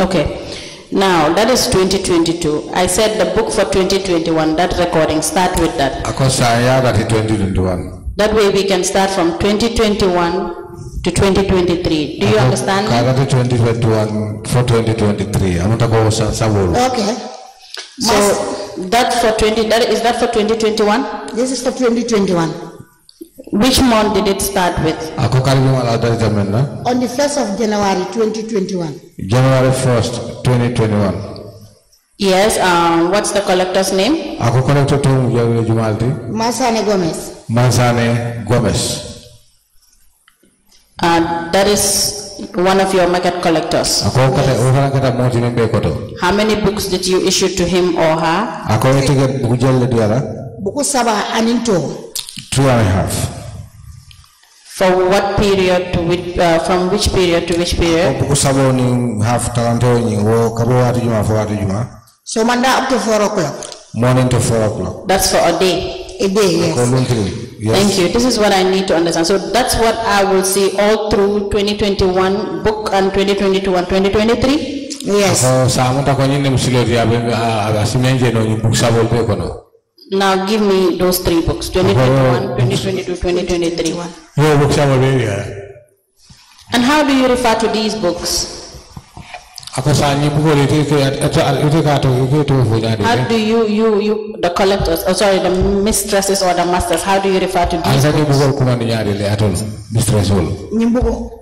Speaker 3: Okay. Now, that is 2022. I said the book for 2021, that recording, start with that. That way we can start from 2021 to 2023. Do you understand?
Speaker 2: 2021 for 2023.
Speaker 3: Okay. So, that for 20, that, is that for 2021? This is for 2021. Which month did it start with?
Speaker 2: On the
Speaker 3: 1st of January 2021.
Speaker 2: January 1st, 2021.
Speaker 3: Yes, um, what's the collector's name?
Speaker 2: Masane Gomez. Masane Gomez.
Speaker 3: Uh, that is one of your market collectors. Yes. How many books did you issue to him or her?
Speaker 2: Two and a half.
Speaker 3: From what period to which, uh, from which period to which period? Okusaba oni half talante oni wo kabo watu
Speaker 2: juma fo watu juma.
Speaker 3: So Monday up to four o'clock.
Speaker 2: Morning to four o'clock.
Speaker 3: That's for a day. A day, yes.
Speaker 2: yes. Thank
Speaker 3: you. This is what I need to understand. So that's what I will see all through 2021 book and 2022 and 2023. Yes. So
Speaker 2: saamu takonyi ne musiloti abe ah, asimenje no nyibuksabo kono.
Speaker 3: Now give me those three books, 2021, 2022, 2023.
Speaker 2: books are
Speaker 3: And how do you refer to these books?
Speaker 2: How do
Speaker 3: you, you, you, the collectors, oh, sorry, the mistresses or the masters, how do you refer to these books?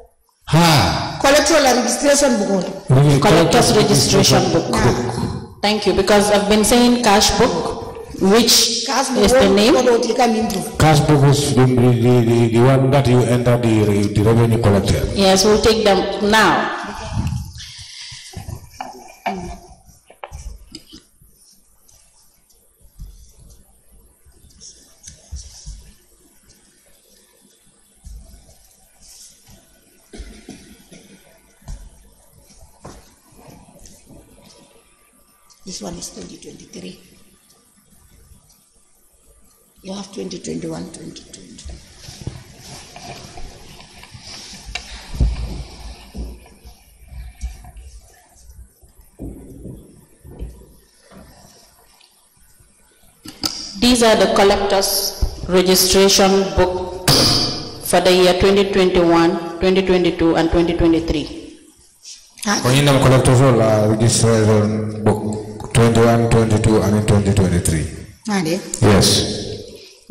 Speaker 2: Ha.
Speaker 3: Collectors' registration book. Collector's registration
Speaker 5: book.
Speaker 3: Thank you, because I've been saying cash book. Which is the name? Cash
Speaker 2: book the, the, the, one that you enter the, the revenue collector.
Speaker 3: Yes, we'll take them now. This one is 2023. You have 2021, 2020. These are the collector's registration book for the year 2021, 2022 and 2023. Kwa
Speaker 2: collectors' mkolektozo uh, registration book 21, 22 and 2023. Yes.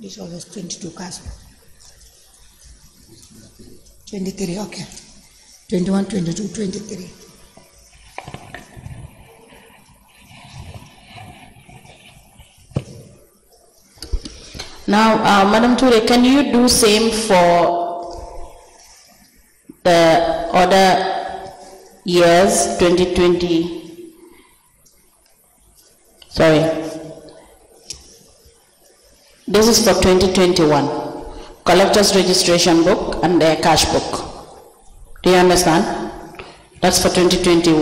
Speaker 3: This was 22 cars. 23, okay. 21, 22, 23. Now, uh, Madam Ture, can you do same for the order years 2020? is for 2021. Collector's registration book and their cash book. Do you understand? That's for 2021,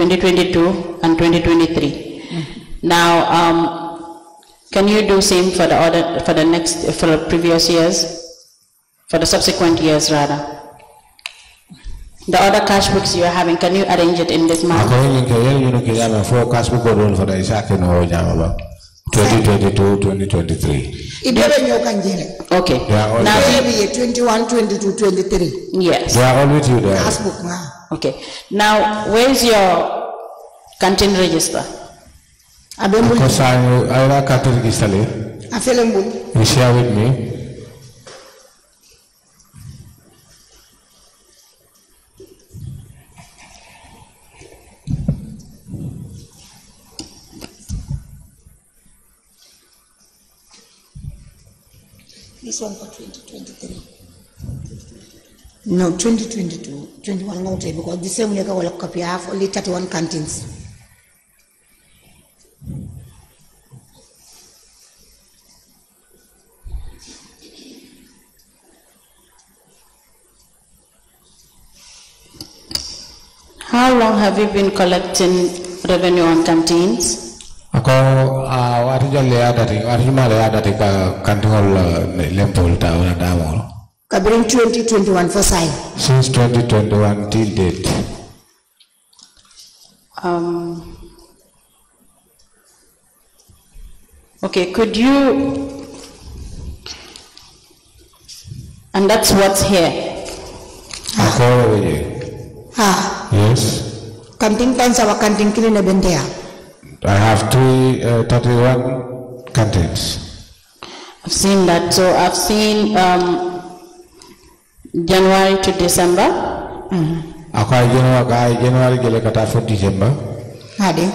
Speaker 3: 2022 and 2023. Mm -hmm. Now, um, can you do same for the other, for the next, for the previous years? For the subsequent years rather? The other cash books you are having, can you arrange it in this manner?
Speaker 2: 2022 2023
Speaker 3: ibebenyuka njere
Speaker 2: okay they are always, now
Speaker 3: maybe 21 22 23 yes they are all with you there passbook now okay now where's your canteen register
Speaker 2: abembul because i i like canteen register le afelembul you share with me
Speaker 3: This one for 2023. No, 2022, 21 not because the same year will copy. I have only 31 cantons. How long have you been collecting revenue on canteens?
Speaker 2: ako arijol ya dati arijuma ada di ka kantingol lempol ta ora damol
Speaker 3: ka bring 2021 for sai
Speaker 2: since 2021 till date
Speaker 3: um okay could you and that's what's here ako ah yes kanting tan sa kanting kini na bentea
Speaker 2: I have three, uh, 31 countries.
Speaker 3: I've seen that. So I've seen um, January to December. Mm-hmm.
Speaker 2: Akwai January Okay, January gele kata for December.
Speaker 3: Hadi.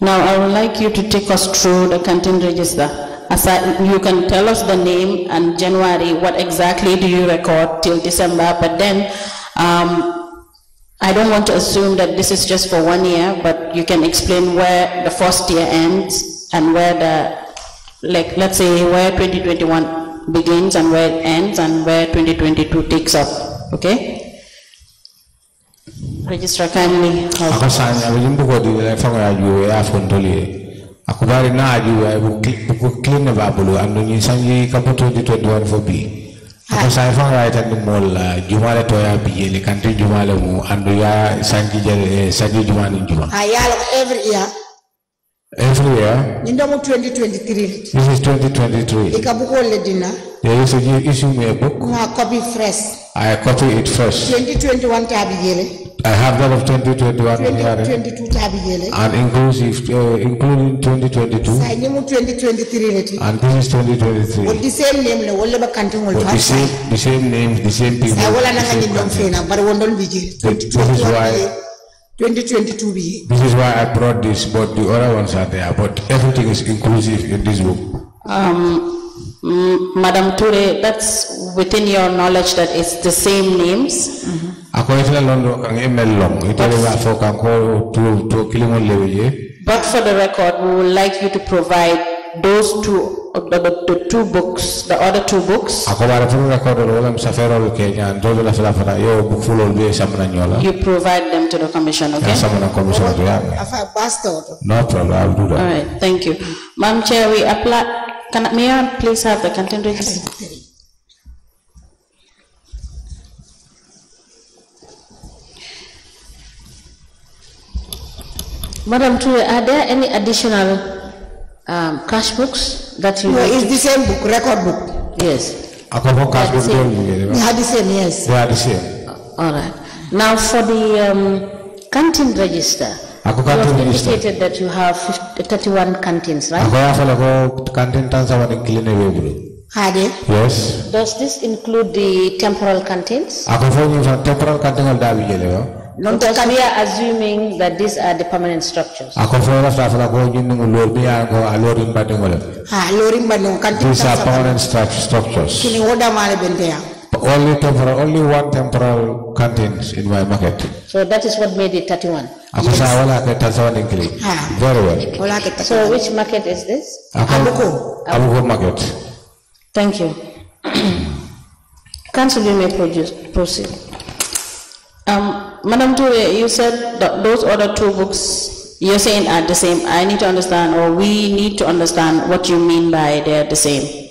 Speaker 3: Now I would like you to take us through the content register. As I, you can tell us the name and January, what exactly do you record till December, but then um, I don't want to assume that this is just for one year, but you can explain where the first year ends and where the, like, let's say where 2021 begins and where it ends and where 2022 takes up, okay? Registrar kindly.
Speaker 2: na clean di ko sai fan ga tan dum mol jumale to ya biye le eh, kanti jumale mu andu ah, ya sangi jere sangi jumani juma
Speaker 3: ayalo every year
Speaker 2: every year
Speaker 3: mu 2023 this
Speaker 2: is 2023 le dina yeah so you issue me a book
Speaker 3: ma copy fresh
Speaker 2: i copy it first
Speaker 3: 2021 tabi tabiyele
Speaker 2: I have that of 2021 and inclusive, uh, including 2022 and this is 2023 with the
Speaker 3: same name the same
Speaker 2: the the same people
Speaker 3: this is why 2022
Speaker 2: this is why i brought this but the other ones are there but everything is inclusive in this book
Speaker 3: um Madam Ture, that's within your knowledge that it's the same names. Mm-hmm.
Speaker 2: Akoitla londo kang email long. ko
Speaker 3: But for the record, we would like you to provide those two, uh, the, the, the two books, the other two books.
Speaker 2: record kenya la yo You
Speaker 3: provide them to the commission, okay? commission Pastor. No problem, I'll do that. All right, thank you, Madam Chair. We apply. Can, may I please have the content register? Madam Tue, are there any additional um, cash books that you? No, it's the same book, record book. Yes. Akobon cash book. They are the same. Yes. They are the same. All right. Now for the um, canteen register.
Speaker 2: indicated
Speaker 3: that you ko canteen
Speaker 2: tan sawan incline webulu
Speaker 3: Hadi. Yes. Does this include the temporal canteens?
Speaker 2: Ako fo ñu temporal canteen al dawi jele yo.
Speaker 3: Non because we are assuming that these are the permanent structures.
Speaker 2: Ako fo la fa fa ko ñu ngi lor bi ya ko a lorin ba de Ha
Speaker 3: ah, lorin ba no canteen. These are permanent
Speaker 2: structures.
Speaker 3: Kini woda male bente ya.
Speaker 2: Only temporal, only one temporal contains in my market.
Speaker 3: So that is what made it 31.
Speaker 2: yes. Very
Speaker 3: well. So which market is this?
Speaker 2: Abuko. Abuko market.
Speaker 3: Thank you. Council, you may produce, proceed. Um, Madam Ture, you said that those other two books you're saying are the same. I need to understand, or we need to understand what you mean by they're the same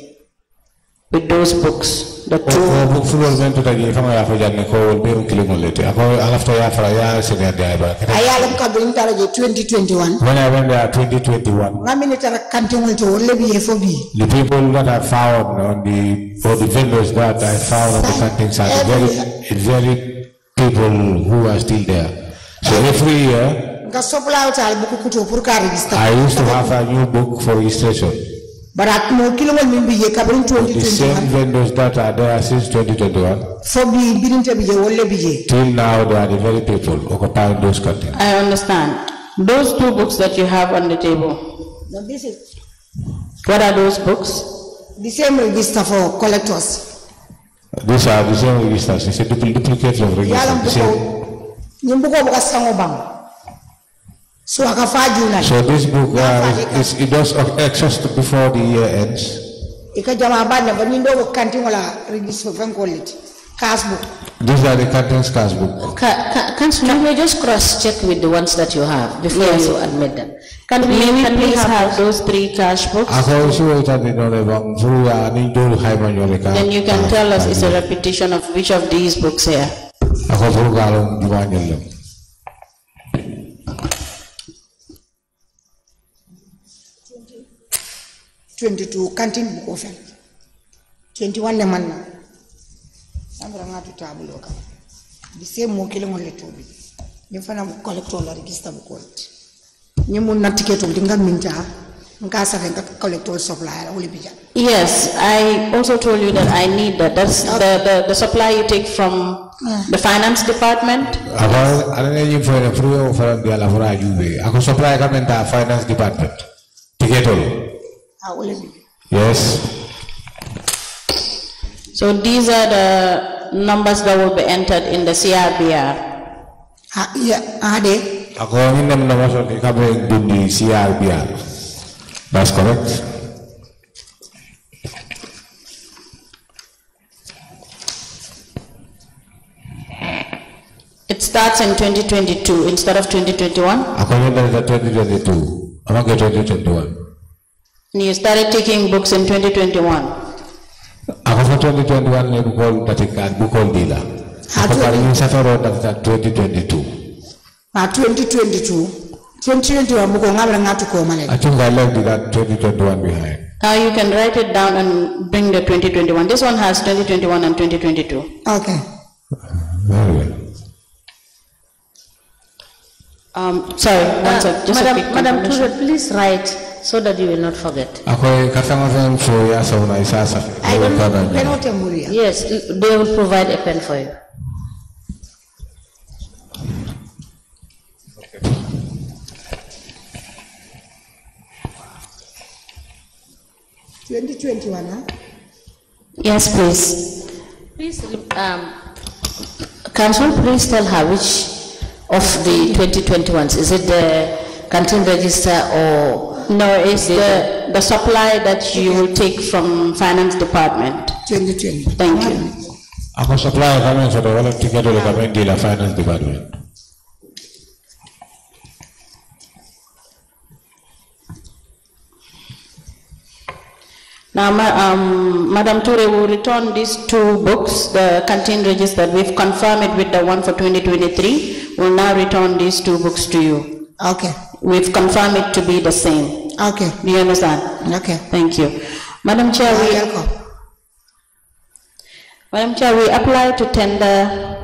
Speaker 3: with those books
Speaker 2: the two books were going to tagi fama ya fajarni ko berum kilimulete ako alafta ya fara ya sega dai ba
Speaker 3: ayalam ka bin tara je 2021 when
Speaker 2: i went there 2021
Speaker 3: ngamini tara kantingul to wolle bi fo bi
Speaker 2: the people that i found on the or the vendors that i found on the cantings are very very people who are still there so every year I used to have a new book for registration.
Speaker 3: The same
Speaker 2: vendors that are there since 2021. Till now, they are the very people occupying those containers.
Speaker 3: I understand. Those two books that you have on the table. Now this is. What are those books? The same register for collectors.
Speaker 2: These are the same registers. It's a duplicate of registers. The same.
Speaker 3: Suaka faju na. So this
Speaker 2: book uh, is, is does of access before the year ends.
Speaker 3: Ika jawaban na banindo ko kanting wala register fan quality. Casbook.
Speaker 2: These are the contents casbook.
Speaker 3: Ca ca Councillor, can we just cross check with the ones that you have before yes. you admit them? Can we, can we, have, have those three cash books? Then
Speaker 2: you can uh, tell us it's a
Speaker 3: repetition of which of these books here. 22 kantin ko fen 21 na manna sangara ngatu tablo ka di se mo kele mo le tobi ni fana mo collector la bu ko ti ni mo na ticket ndi ngam ja nga sa fen ka collector supply la wole bija yes i also told you that i need that that's okay. the, the the supply you take from the finance department
Speaker 2: ala ala ni fo na fo fo la fo ajube ako supply ka menta finance department ticket lo
Speaker 3: Yes. So these are the numbers that will be entered in the CRBR. Ah, ah,
Speaker 2: That's correct.
Speaker 3: It starts in 2022 instead of 2021.
Speaker 2: 2022. 2021?
Speaker 3: And you started taking books in 2021.
Speaker 2: Ako sa 2021 ni bukol katika bukol dila. Ako pa rin sa faro katika 2022.
Speaker 3: At 2022. 2021 bukol ngabra ngatu ko male.
Speaker 2: Achunga 2021 behind.
Speaker 3: Now ah, you can write it down and bring the 2021. This one has 2021 and 2022.
Speaker 5: Okay. Very well.
Speaker 3: Um, sorry, one uh, sec. Madam, Madam Tudor, please write so that you will not forget.
Speaker 2: I don't
Speaker 3: penalty Yes, they will provide a pen for you. Twenty twenty one, huh? Yes, please. Please, um, Council, please tell her which of the 2021s. Is it the canteen register or no, it's the, the supply that you will take from finance department. Change, change. Thank you.
Speaker 2: ako supply kami sa dawalan tiga dulu kami di la finance
Speaker 3: department. Now, um, Madam Ture will return these two books, the canteen register. We've confirmed it with the one for 2023. We'll now return these two books to you. Okay. We've confirmed it to be the same. Okay. Do you understand? Okay. Thank you. Madam Chair, we Madam Chair, we apply to tender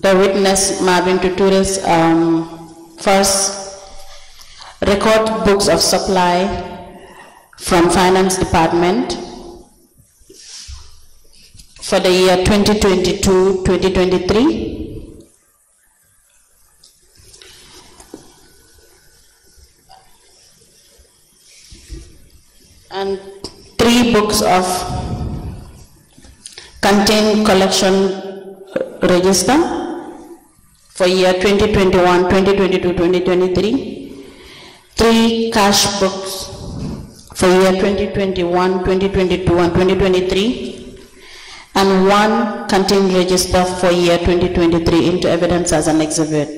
Speaker 3: the witness Marvin Tuture's um, first record books of supply from Finance Department for the year 2022-2023 and three books of contained collection register for year 2021, 2022, 2023, three cash books for year 2021, 2022 and 2023, and one contained register for year 2023 into evidence as an exhibit.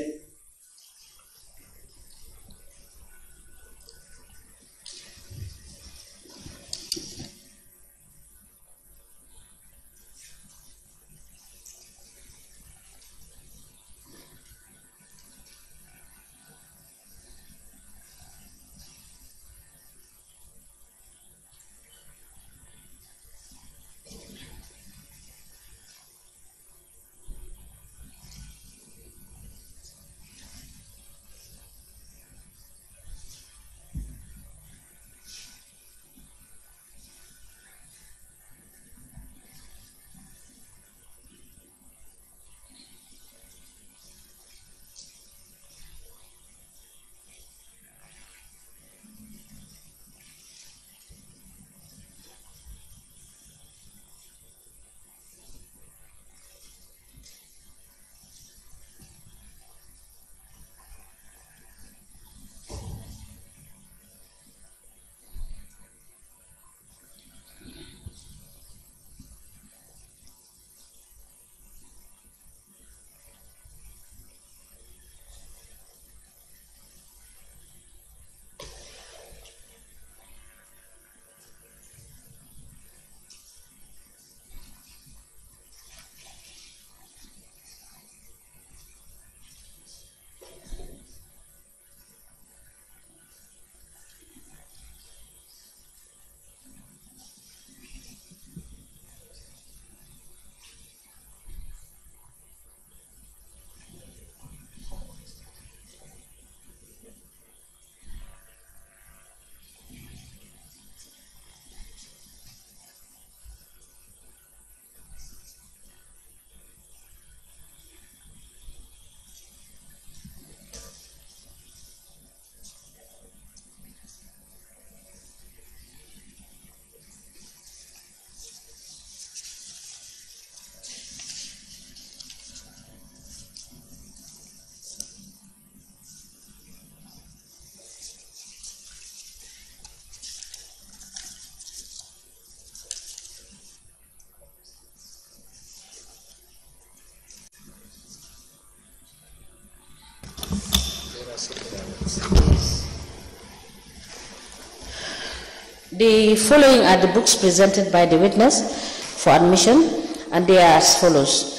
Speaker 3: The following are the books presented by the witness for admission, and they are as follows.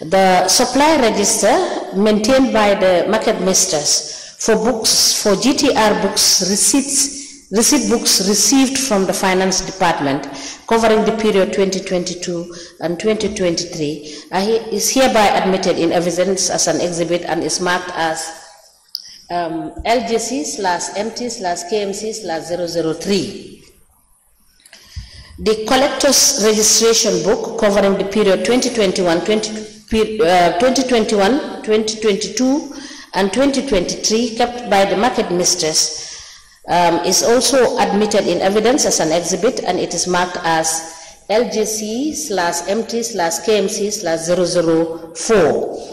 Speaker 3: The supply register maintained by the market masters for books, for GTR books, receipts, receipt books received from the finance department covering the period 2022 and 2023 is hereby admitted in evidence as an exhibit and is marked as um, LGC slash MT slash KMC slash 003. The collector's registration book covering the period 2021, 20, uh, 2021, 2022 and 2023 kept by the market mistress um, is also admitted in evidence as an exhibit and it is marked as LGC slash MT slash KMC slash 004.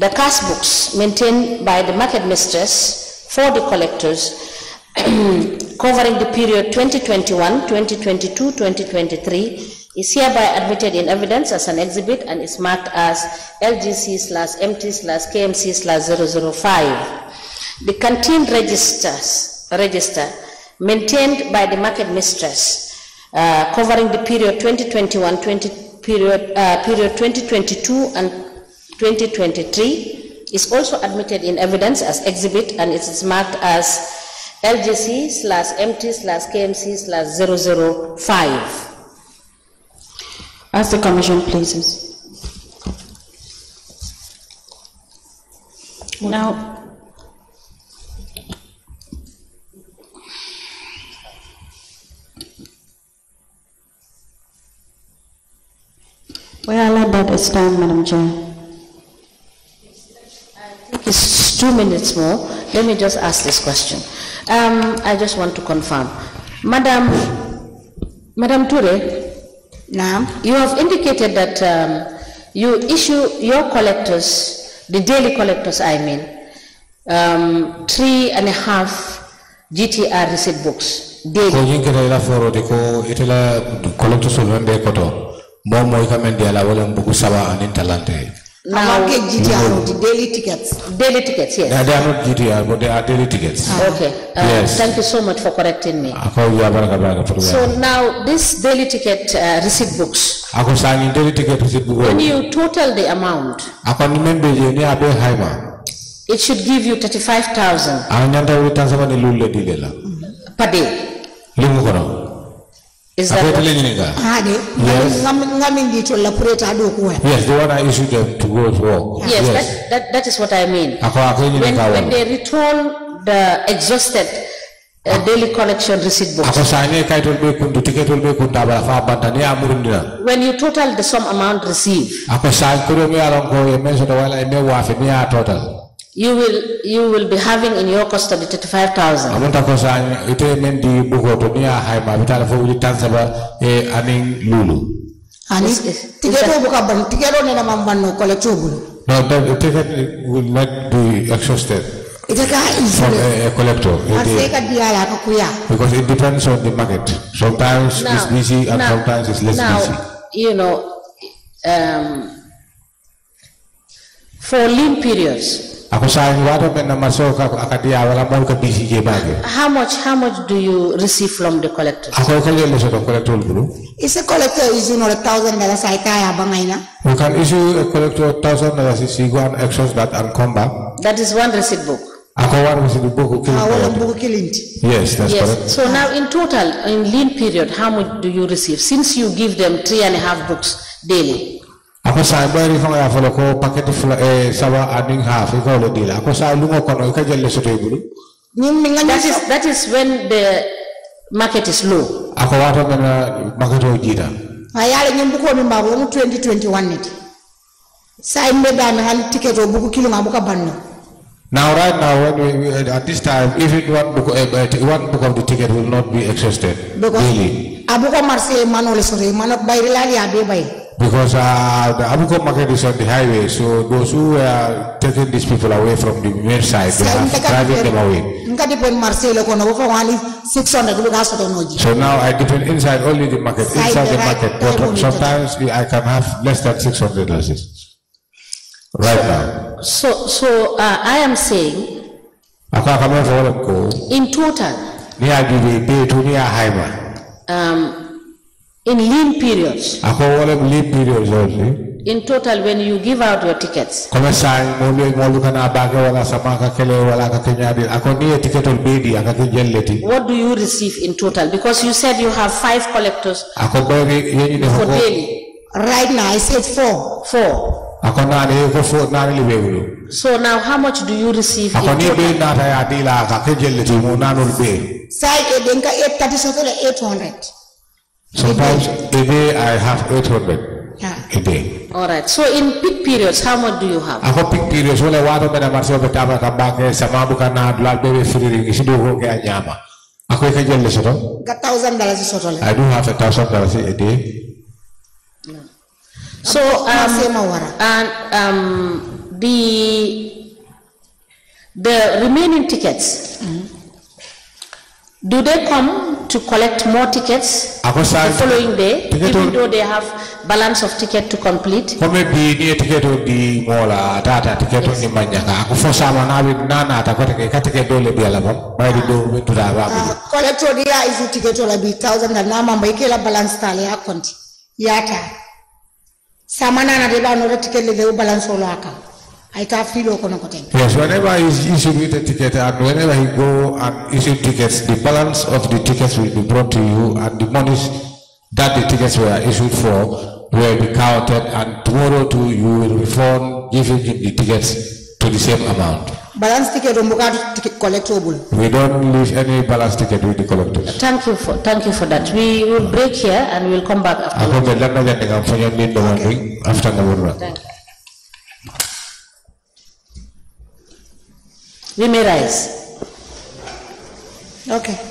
Speaker 3: The cash books maintained by the market mistress for the collectors *clears throat* covering the period 2021, 2022, 2023 is hereby admitted in evidence as an exhibit and is marked as LGC slash MT slash KMC slash 005. The canteen registers, register maintained by the market mistress uh, covering the period 2021, 20, period, uh, period 2022 and 2023 is also admitted in evidence as exhibit and it is marked as LGC slash MT slash KMC slash 005. As the Commission pleases. Now, We are allowed that this time, Madam Chair it's two minutes more. Let me just ask this question. Um, I just want to confirm. Madam, Madam Ture, now you have indicated that um, you issue your collectors, the daily collectors I mean, um, three and a half GTR receipt books daily. Now, GTR, the daily tickets. Daily tickets, yes. No, they
Speaker 2: are not GTR, but they are daily tickets. Ah. Okay.
Speaker 3: Uh, yes. Thank you so much for correcting me. Ah, so now, this daily ticket uh, receipt books.
Speaker 2: When
Speaker 3: you total the amount. It should give you 35,000. Ah, per day.
Speaker 2: Is that Ade, ah, yes. yes, the one I issued them to go to work. Yes, yes.
Speaker 3: That, that, that is what I mean.
Speaker 2: When, when they
Speaker 3: return the exhausted uh, ah. daily collection receipt books.
Speaker 2: When
Speaker 3: you total the sum amount received, you will you will be having in your custody 35000
Speaker 2: amunta ko men lulu na no the eh, ticket will not be exhausted
Speaker 3: eh, from a,
Speaker 2: eh, a collector because it depends on the market sometimes now, it's busy and now, sometimes it's less now,
Speaker 3: busy you know um, for lean periods
Speaker 2: Ako sayang wala men na wala mo
Speaker 3: How much how much do you receive from the collector?
Speaker 2: Ako collector
Speaker 3: Is a collector is in a thousand dollars ay
Speaker 2: can issue a collector thousand that and come back.
Speaker 3: That is one receipt book.
Speaker 2: Ako one receipt book ukilinti. Ah, wala book
Speaker 3: ukilinti.
Speaker 2: Yes, that's yes. correct. So
Speaker 3: now in total in lean period how much do you receive since you give them three and a half books daily?
Speaker 2: ako sa bari fa ya fala ko paket fla e eh, sawa aning half ko lo dila ako sa ilungo ko no ka jelle so tebulu
Speaker 3: that is that is when the market is low
Speaker 2: ako wato na market o jita
Speaker 3: ayale nyimbu ko mi mabo 2021 net sa imbe ba na hal ticket o buku kilo ngabuka banno
Speaker 2: Now, right now, when we, at this time, even one book, uh, one book of the ticket will not be exhausted. Because really.
Speaker 3: Abuko Marseille Manole Sore, Manok Bayrilali, Abe Bayrila.
Speaker 2: Because uh, the Abuko market is on the highway, so those who are taking these people away from the main side, they are driving them away. So now I depend inside only the market, inside the market. But sometimes I can have less than 600 losses right now.
Speaker 3: So, so uh, I am saying in total, um, In lean periods.
Speaker 2: akowole lean periods only.
Speaker 3: In total, when you give out your tickets,
Speaker 2: kome sai molu molu kana abage wala sama kakele wala ka kakenyadi ako niye ticket or ol bedi akakejelleti
Speaker 3: what do you receive in total? Because you said you have five collectors
Speaker 2: ako beri yenyi ne for hoko
Speaker 3: Right now, I said four. Four.
Speaker 2: ako nani ko four na nani libegulu
Speaker 3: So now, how much do you receive in ako ni
Speaker 2: total? na nata ya dila akakejelleti mu nanol be
Speaker 3: Side eight, then ka eight thirty, so eight hundred. Sometimes a
Speaker 2: day I have 800 yeah. a day.
Speaker 3: All right. So in peak periods, how much do you have? I
Speaker 2: have peak periods, wala wato ba na marso ba tama ka ba kaya sa mga buka na adlal bebe filiring isidu do kaya nyama. Ako yung kajal na soto?
Speaker 3: Ka thousand dollars a day. I do have a thousand
Speaker 2: dollars a day.
Speaker 3: So um, and um, the the remaining tickets. Mm -hmm. Do they come to collect more tickets the following day, even though they have balance of ticket to complete? Collector dia isu ticket ola ah, bi thousand na nama mbaike la balance tale ya konti yata samana na deba nora ticket le balance I can feel
Speaker 2: Yes, whenever he issuing the ticket and whenever he go and issue tickets, the balance of the tickets will be brought to you and the monies that the tickets were issued for will be counted and tomorrow too you will refund giving him the tickets to the same amount.
Speaker 3: Balance ticket umbuka ticket collectible.
Speaker 2: We don't leave any balance ticket with the collectors.
Speaker 3: Thank you for thank you for that. We will break here and we'll come back
Speaker 2: after. Okay. After the
Speaker 3: Guimarães. Ok.